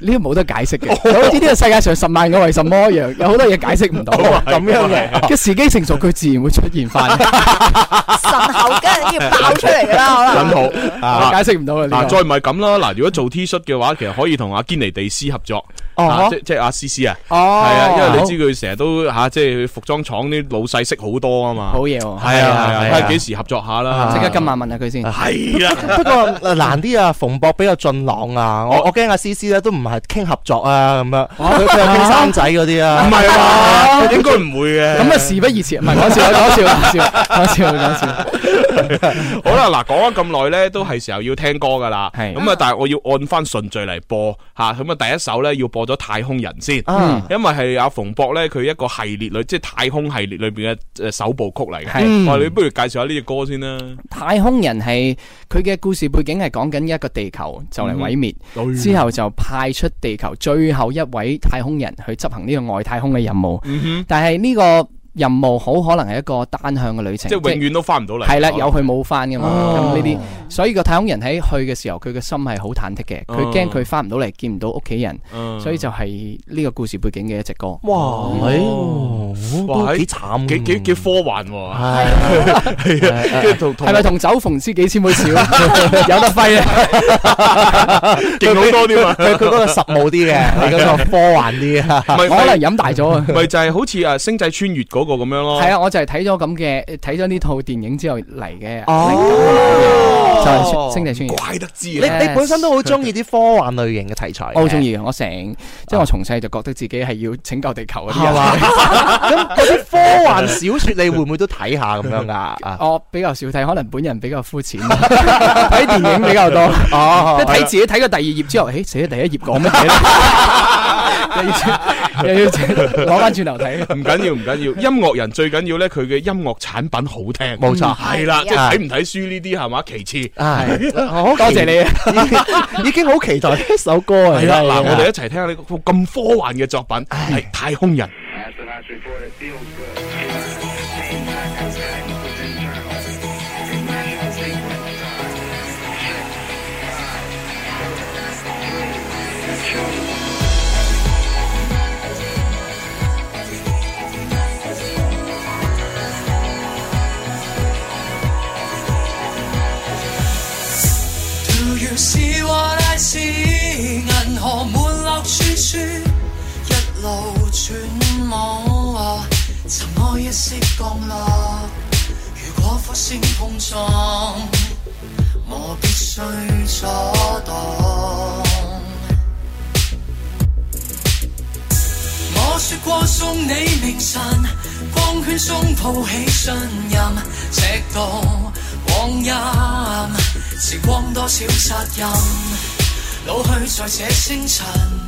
S8: 呢啲冇得解釋嘅，就好似呢個世界上十萬個為什麼一樣，有好多嘢解釋唔到，咁樣嘅。嘅時機成熟，佢自然會出現翻，
S6: 神后梗係要
S8: 爆出嚟啦，可能。好，解
S3: 釋唔到嗱，再唔係咁啦。嗱，如果做 T 恤嘅話，其實可以同阿堅尼地斯合作。哦，即即係阿思思啊，係啊，因為你知佢成日都嚇，即係服裝廠啲老細識好多啊嘛，好嘢喎，係啊係啊，睇下幾時合作下啦，即刻今晚
S4: 問下佢先，係啊，不過難啲啊，馮博比較俊朗啊，我我驚阿思思咧都唔係傾合作啊咁樣，佢傾生仔嗰啲啊，唔係話，應該唔會嘅，咁啊事不宜遲，唔係講笑講笑講笑講笑。
S3: *laughs* *laughs* 好啦，嗱，講咗咁耐呢，都係時候要聽歌噶啦。咁啊是，但係我要按翻順序嚟播吓，咁啊，啊，第一首呢要播咗《太空人》先，嗯、因為係阿馮博呢，佢一個系列裏，即係太空系列裏邊嘅首部曲嚟嘅、嗯啊。你不如介紹下呢隻歌先啦。
S8: 《太空人》係佢嘅故事背景係講緊一個地球就嚟毀滅，嗯、對之後就派出地球最後一位太空人去執行呢個外太空嘅任務。嗯哼但係呢、呢個。任務好可能係一個單向嘅旅程，即係永
S3: 遠都翻唔到嚟，係啦，有去
S8: 冇翻嘅嘛？咁呢啲，所以個太空人喺去嘅時候，佢嘅心係好忐忑嘅，佢驚佢翻唔到嚟，見唔到屋企人，
S4: 所以
S8: 就係呢個故事背景嘅一隻歌。哇，都幾慘，幾幾幾科幻喎！係咪同酒逢知己千杯少，
S3: 有得揮啊，勁好多啲嘛！佢佢嗰個實務啲嘅，係嗰個科
S4: 幻啲，可能飲大咗啊！
S3: 咪就係好似啊，星際穿越嗰～咁樣咯，係啊，我
S8: 就係睇咗咁嘅，睇咗呢套電影之後嚟嘅。哦，就係、星際穿越，怪得知你 Yes, 你本身都好中意啲科幻類型嘅題材我，我好中意我成即係我從細就覺得自己係要拯救地球啊！係嘛， *laughs* *laughs* 咁嗰啲科幻小說你會唔會都睇下咁樣噶？ *laughs* 我比較少睇，可能本人比較膚淺，睇 *laughs* *laughs* 電影比較多。
S3: 哦、啊，即係睇自己睇過第二頁之後，誒、 *laughs* 哎，寫第一頁講乜嘢 *laughs* 又要又要攞翻轉頭睇，唔緊要唔緊要，音樂人最緊要咧，佢嘅音樂產品好聽，冇錯，係啦，即係睇唔睇書呢啲係嘛，其次係，好
S4: Yeah. Okay. 多謝你， *laughs* *laughs* 已經好期待呢首歌啊，係啦，嗱，我哋
S3: 一齊聽下呢部咁科幻嘅作品係 Yeah. 太空人。
S1: 要是或大事，銀河滿落，處處一路轉彎。塵、啊、埃一息降落，如果火星碰撞，我必須阻擋。我說過送你明晨，光圈中抱起信任，赤道光陰，時光多少責任，老去在這星辰。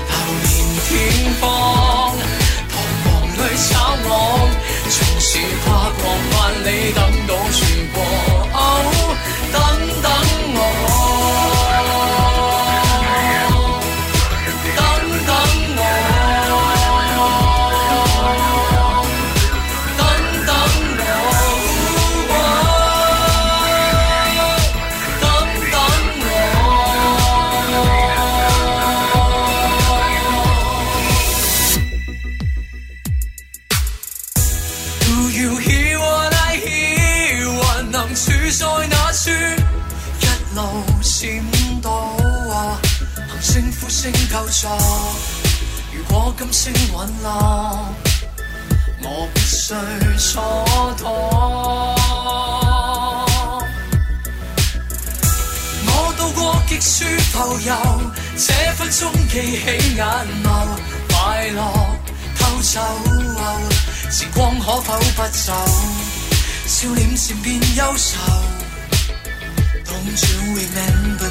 S1: 前方，彷徨裏找我，縱使跨過萬里，等到船過，哦、oh，等等我。如果今生隕落，我必須蹉跎。我到過極處浮游，這分鐘記起眼眸，快樂偷走，時光可否不走？笑臉漸變憂愁，冬至未眠。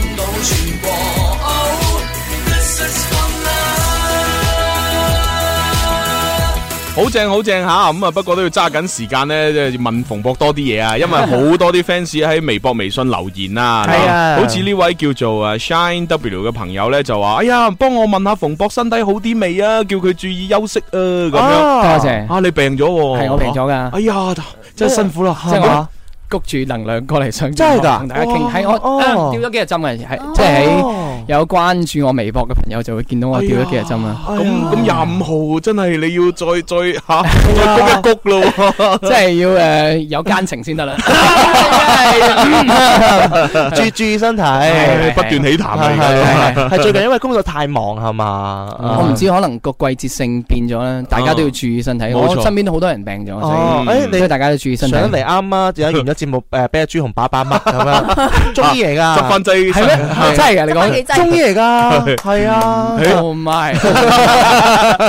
S3: 好正好正下咁啊、嗯！不過都要揸緊時間咧，即係問馮博多啲嘢啊，因為好多啲 fans 喺微博、微信留言係、 *laughs* 嗯、啊，好似呢位叫做啊 Shine W 嘅朋友咧，就話：哎呀，幫我問下馮博身體好啲未啊？叫佢注意休息、呃、啊！咁樣，多謝，謝啊！你病咗、啊？係我病咗噶。哎呀，真係辛苦啦，哎呀嗎谷住能量過嚟，
S8: 想真係同大家傾。喺我啊，吊咗幾日針嘅，係即係有關注我微博嘅朋友就會見到我吊咗幾日針啦。
S3: 咁咁廿五號真係你要再再嚇再焗一谷咯，真係要誒有奸情先得啦。
S4: 注注意身體，不斷起痰。啦。最近因為工作太忙係嘛，我唔
S8: 知可能個季節性變咗啦，大家都要注意身體。冇錯，身邊好多人病咗。哦，
S4: 誒你上一嚟啱啊，有完咗。節目誒俾阿朱紅把脈， *laughs* 中醫嚟㗎，執翻、啊、劑係咩？啊啊、真係㗎，你講中醫嚟㗎，係 *laughs* 啊唔唔 m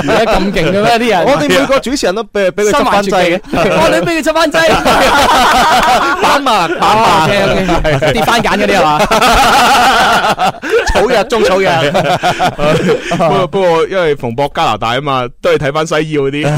S4: 而家咁勁嘅咩啲人？我哋每個主持人都俾俾佢執翻劑嘅，我哋俾佢執翻劑， *laughs* 把脈把脈聽，跌番簡嗰啲係嘛？啊啊、 *laughs* *laughs* 草藥中草藥。不 *laughs*
S3: 過 *laughs* 不過，因為馮博加拿大啊嘛，都係睇翻西醫嗰啲。 *laughs*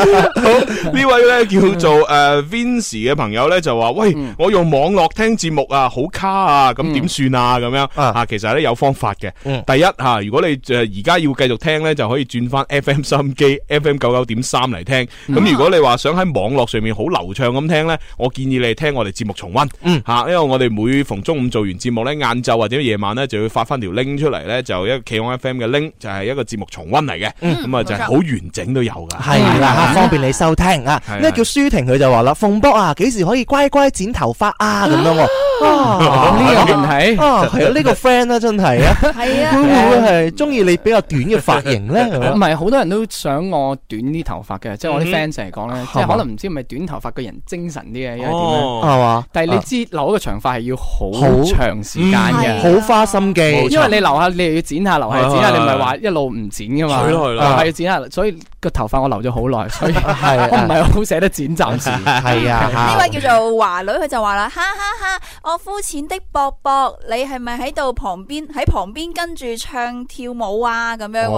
S3: 好，位呢位咧叫做、uh, Vincy 嘅朋友咧就話：喂，我用網絡聽節目啊，好卡啊，咁點算啊？咁樣啊，其實咧有方法嘅。第一，如果你而家要繼續聽咧，就可以轉翻 F M 收音機 F M 九九點三嚟聽。咁如果你話想喺網絡上面好流暢咁聽咧，我建議你聽我哋節目重溫。吓，因為我哋每逢中午做完節目咧，晏晝或者夜晚咧就會發翻條 link 出嚟咧，就一個企 F M 嘅 link 就係一個節目重溫嚟嘅。咁啊就係好完整都有噶。係
S4: 啦，方便你收聽啊。呢叫舒婷，佢就話啦：馮博啊。幾時可以乖乖剪頭髮啊？咁樣喎，呢個問題，係啊，呢個 friend 咧真係啊，係啊，佢會係中意你比較短嘅髮型咧，唔係好多人都想我短啲
S8: 頭髮嘅，即係我啲 friend 成日講咧，即係可能唔知係咪短頭髮嘅人精神啲嘅，因為點咧？啊嘛，但係你知留一個長髮係要好好長時間嘅，好花
S4: 心機，因為你
S8: 留下你又要剪下留下剪下，你唔係話一路唔剪噶嘛，係咯要剪下，所以個頭髮我留咗好耐，所以我唔係好捨得剪，暫時係啊。呢位叫
S5: 做華女，佢就話啦，哈哈哈！我膚淺的博博，你係咪喺度旁邊喺旁邊跟住唱跳舞啊？咁樣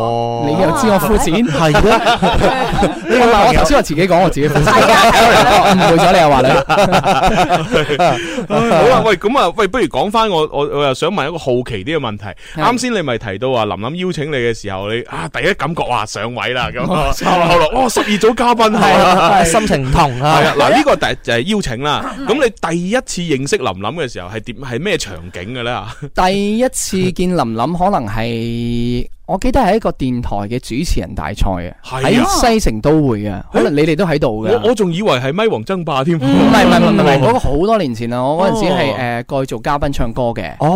S5: 你
S3: 又知我膚淺係
S8: 啦？你知我自己講，我自己膚淺，我誤會咗你啊，話你。
S3: 好啦，喂，咁啊，喂，不如講翻我，我我又想問一個好奇啲嘅問題。啱先你咪提到話琳琳邀請你嘅時候，你啊第一感覺話上位啦咁，好啦，哦，十二組嘉賓，心情唔同啊。嗱，呢個第。誒邀請啦，咁你第一次認識林琳嘅時候係點？係咩場景嘅咧？
S8: 第一次見林琳可能係。我記得係一個電台嘅主持人大賽啊，喺西城都會啊，可能你哋都喺度嘅。
S3: 我仲以為係咪王爭霸添，唔係唔係唔係，我
S8: 好多年前啦，我嗰陣時係誒過去做嘉賓唱歌嘅。哦，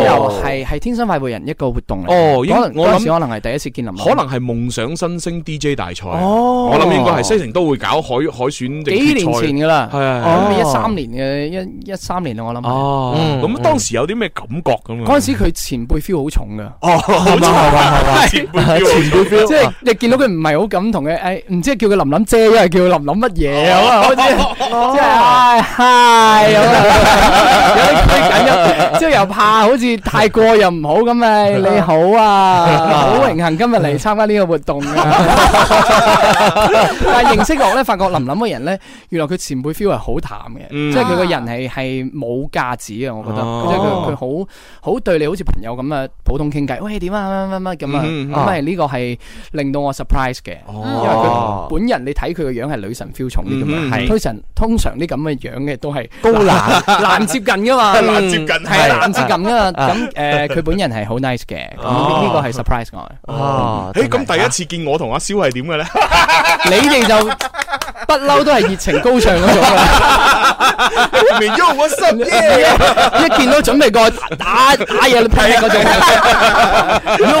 S8: 之後係係天生快活人一個活動嚟，可能嗰陣時可能係第一次見林。可能係夢想新星 DJ 大賽，
S3: 我諗應該係西城都會搞海海選嘅決賽，幾年前噶啦，係啊，一三
S8: 年嘅一一三年我諗。哦，咁當時
S3: 有啲咩感覺咁？嗰陣時佢
S8: 前輩 feel 好重噶，係前輩 feel，即係你見到佢唔係好敢同佢，誒唔知叫佢琳琳姐，又係叫琳琳乜嘢。好啊，即係 hi，好啊，有啲緊張，即係又怕，好似太過又唔好咁咪。你好啊，好榮幸今日嚟參加呢個活動。但係認識落咧，發覺琳琳嘅人咧，原來佢前輩 feel 係好淡嘅，即係佢個人係冇架子嘅，我覺得，即係佢佢好好對你好似朋友咁啊，普通傾偈。喂，點啊？乜乜咁啊？咁係呢個係令到我 surprise 嘅，因為佢本人你睇佢個樣係女神 feel 重啲咁樣。通常通常啲咁嘅樣嘅都係高難難接近噶嘛，難接近係難接近噶嘛。咁誒，佢本人係好 nice
S3: 嘅，咁呢個係 surprise
S8: 我。誒，
S3: 咁第一次見我同阿蕭係點嘅咧？你哋就不嬲都係熱情高漲嗰種啦。
S8: Yo，what's up？一見到準備過去打打嘢拍嘢嗰種。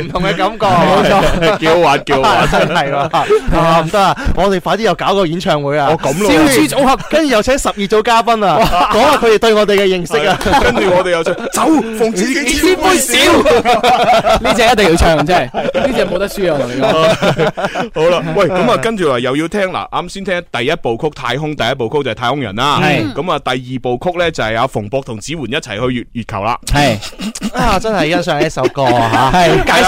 S4: 唔同嘅感覺，冇錯，幾好玩，叫玩真係啊，唔得啊！我哋快啲又搞個演唱會啊！咁小豬組合，跟住又請十二組嘉賓啊，講下佢哋對我哋嘅認識啊。跟住
S3: 我哋又唱，走，逢子桓，千杯
S8: 少，
S4: 呢隻一定要唱，真
S8: 係呢隻冇得輸啊！好
S3: 啦，喂，咁啊，跟住又要聽嗱，啱先聽第一部曲《太空》，第一部曲就係《太空人》啦。咁啊，第二部曲咧就係阿馮博同子媛一齊去月月球啦。係
S4: 啊，真係欣賞呢首歌啊！係。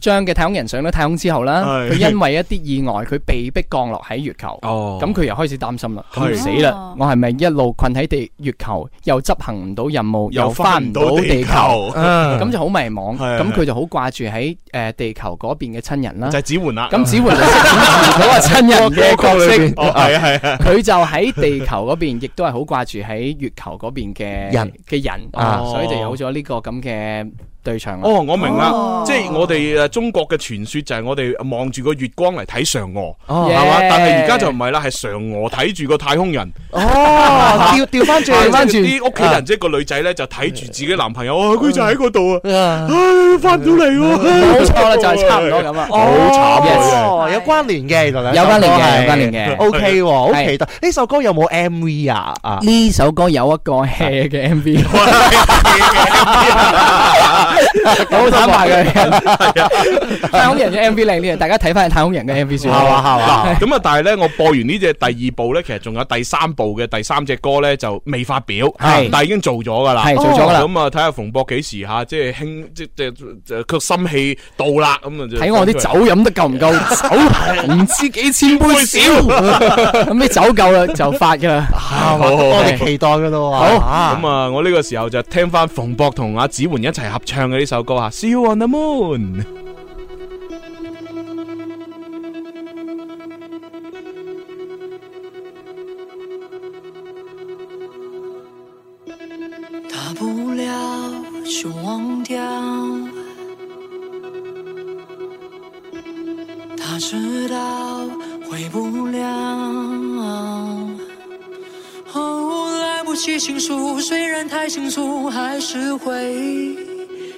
S8: 將嘅太空人上咗太空之後啦，佢因為一啲意外，佢被迫降落喺月球。哦，咁佢又開始擔心啦，佢死啦！我係咪一路困喺地月球，又執行唔到任務，又翻唔到地球？咁就好迷茫。咁佢就好掛住喺誒地球嗰邊嘅親人啦，就係子煥啦。咁子煥嗰個親人嘅角色，係啊係啊，佢就喺地球嗰邊，亦都係好掛住喺月球嗰邊嘅人嘅人，所以就有咗
S3: 呢個咁嘅。對唱哦，我明啦，即係我哋誒中國嘅傳說就係我哋望住個月光嚟睇嫦娥，係嘛？但係而家就唔係啦，係嫦娥睇住個太空人哦，掉，掉返轉，掉返轉，啲屋企人即係個女仔咧就睇住自己男朋友，哦，佢
S4: 就喺嗰度啊，翻到嚟咯，冇錯啦，就係差唔多咁啊，好慘哦，有關聯嘅，有關聯嘅，有關聯嘅，OK，好期待呢首歌有冇 MV 啊？呢首歌有一個 h 嘅 MV。好坦白嘅，太空人嘅 M V 靚啲
S8: 啊！大家睇翻嘅太空人嘅 M V 先係嘛？係嘛？
S3: 咁啊！但係咧，我播完呢隻第二部咧，其實仲有第三部嘅第三隻歌咧，就未發表，係，但係已經做咗噶啦，係做咗啦。咁啊，睇下馮博幾時吓，即係興，即即就佢心氣到啦咁啊！睇我啲酒飲得
S8: 夠唔夠？酒唔知幾千杯少，咁你酒夠啦就發
S4: 噶啦，好多期待噶咯啊！好咁
S3: 啊，我呢個時候就聽翻馮博同阿子桓一齊合唱。呢首歌啊，See you on the moon。
S1: 大不了就忘掉，他知道回不了。哦，哦，來不及傾訴，雖然太清楚，還是會。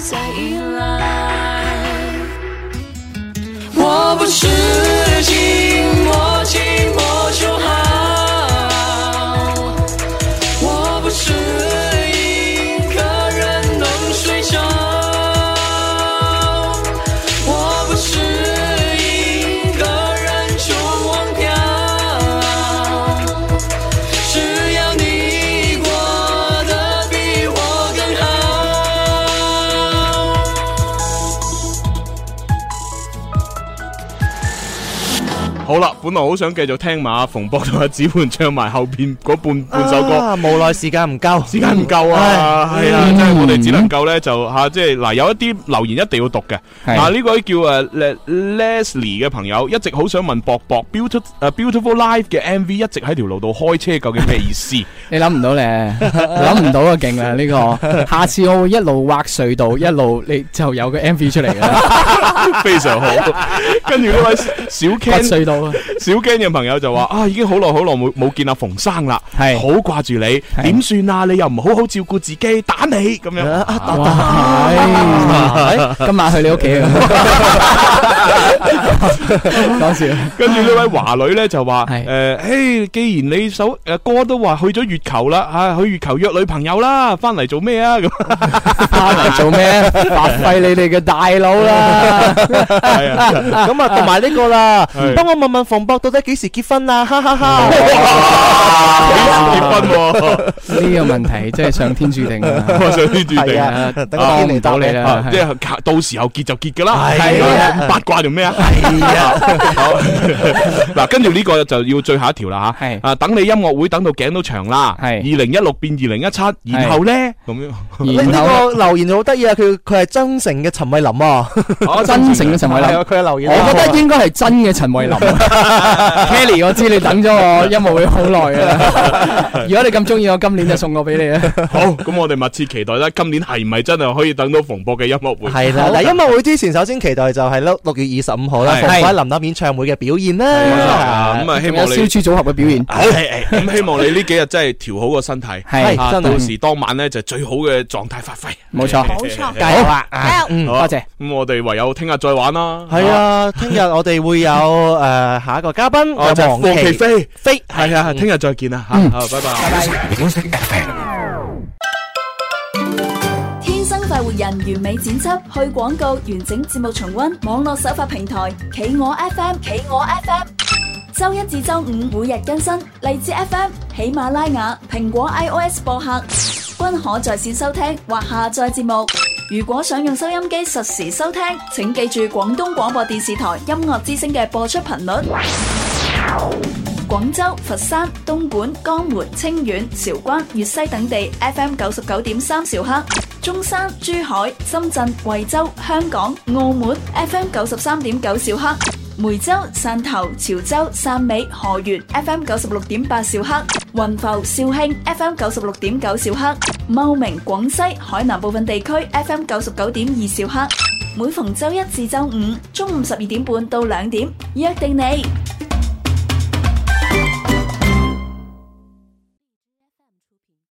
S1: 再依賴，我不是。
S3: 本來好想繼續聽馬馮博同阿子桓唱埋後邊嗰半半首歌，
S4: 無奈時間唔夠，時間唔夠啊！
S3: 係啊，真係我哋只能夠咧就吓，即係嗱，有一啲留言一定要讀嘅。嗱，呢位叫誒 Leslie 嘅朋友，一直好想問博博《Beautiful》誒《Beautiful Life》嘅 M V，一直喺條路度開車，究竟咩意思？你諗唔到咧，諗
S8: 唔到啊，勁啊！呢個下次我會一路挖隧道，一路你就有個 M V 出嚟嘅，
S3: 非常好。跟住呢位小 Ken，挖隧道。小驚嘅朋友就話：啊，已經好耐好耐冇冇見阿馮生啦，係好掛住你，點算啊？你又唔好好照顧自己，打你咁樣啊！打打啊，今晚去你屋企啊！講笑，跟住呢位華女咧就話：誒，誒，既然你首誒歌都話去咗月球啦，吓，去月球約女朋友啦，翻嚟做咩啊？咁翻嚟做咩？白費
S4: 你哋嘅大佬啦，咁啊，同埋呢個啦，幫我問問馮博到底幾時結婚啊？哈哈哈！幾時結婚喎，
S8: 呢個問題真係上天注
S3: 定，上天注定，等天嚟答你啦，即係到時候結就結噶啦，係八卦就。咩啊？係啊！好嗱，跟住呢個就要最後一條啦吓。係啊，等你音樂會等到頸都長啦。係二零一六變二零一七，然後咧
S4: 咁樣。然後呢個留言就好得意啊！佢佢係增城嘅陳慧琳啊，增城嘅陳慧琳。佢係留言，我覺得應該係真嘅陳慧琳。Kelly，我知你等
S8: 咗我音樂會好耐啊！如果你咁中意，我今年就送個俾你啊！
S3: 好，咁我哋密切期待啦。今年係唔係真係可以等到馮博嘅音樂會？係啦，嗱，音
S4: 樂會之前首先期待就係六六月二。十五號啦，包括林立演唱會嘅表現啦，咁啊，希望小豬組合嘅表現好。
S3: 咁希望你呢幾日真係調好個身體，到時當晚咧就最好嘅狀態發揮。冇錯，冇錯，好啊，加油，多謝。咁我哋唯有聽日再玩啦。係啊，
S4: 聽日我哋會有下一個嘉賓，就黃其菲！菲。係啊，聽日再見啊嚇，好，拜拜。
S5: 人完美剪輯，去廣告完整節目重温。網絡首發平台，企鵝 FM，企鵝 FM。周一至周五每日更新，荔枝 FM、喜馬拉雅、蘋果 iOS 播客均可在線收聽或下載節目。如果想用收音機實時收聽，請記住廣東廣播電視台音樂之聲嘅播出頻率。廣州、佛山、東莞、江門、清遠、韶關、粵西等地 FM 九十九點三兆赫；中山、珠海、深圳、惠州、香港、澳門 FM 九十三點九兆赫；梅州、汕頭、潮州、汕尾、河源 FM 九十六點八兆赫；雲浮、肇慶 FM 九十六點九兆赫；茂名、廣西、海南部分地區 FM 九十九點二兆赫。每逢周一至周五中午十二點半到兩點，約定你。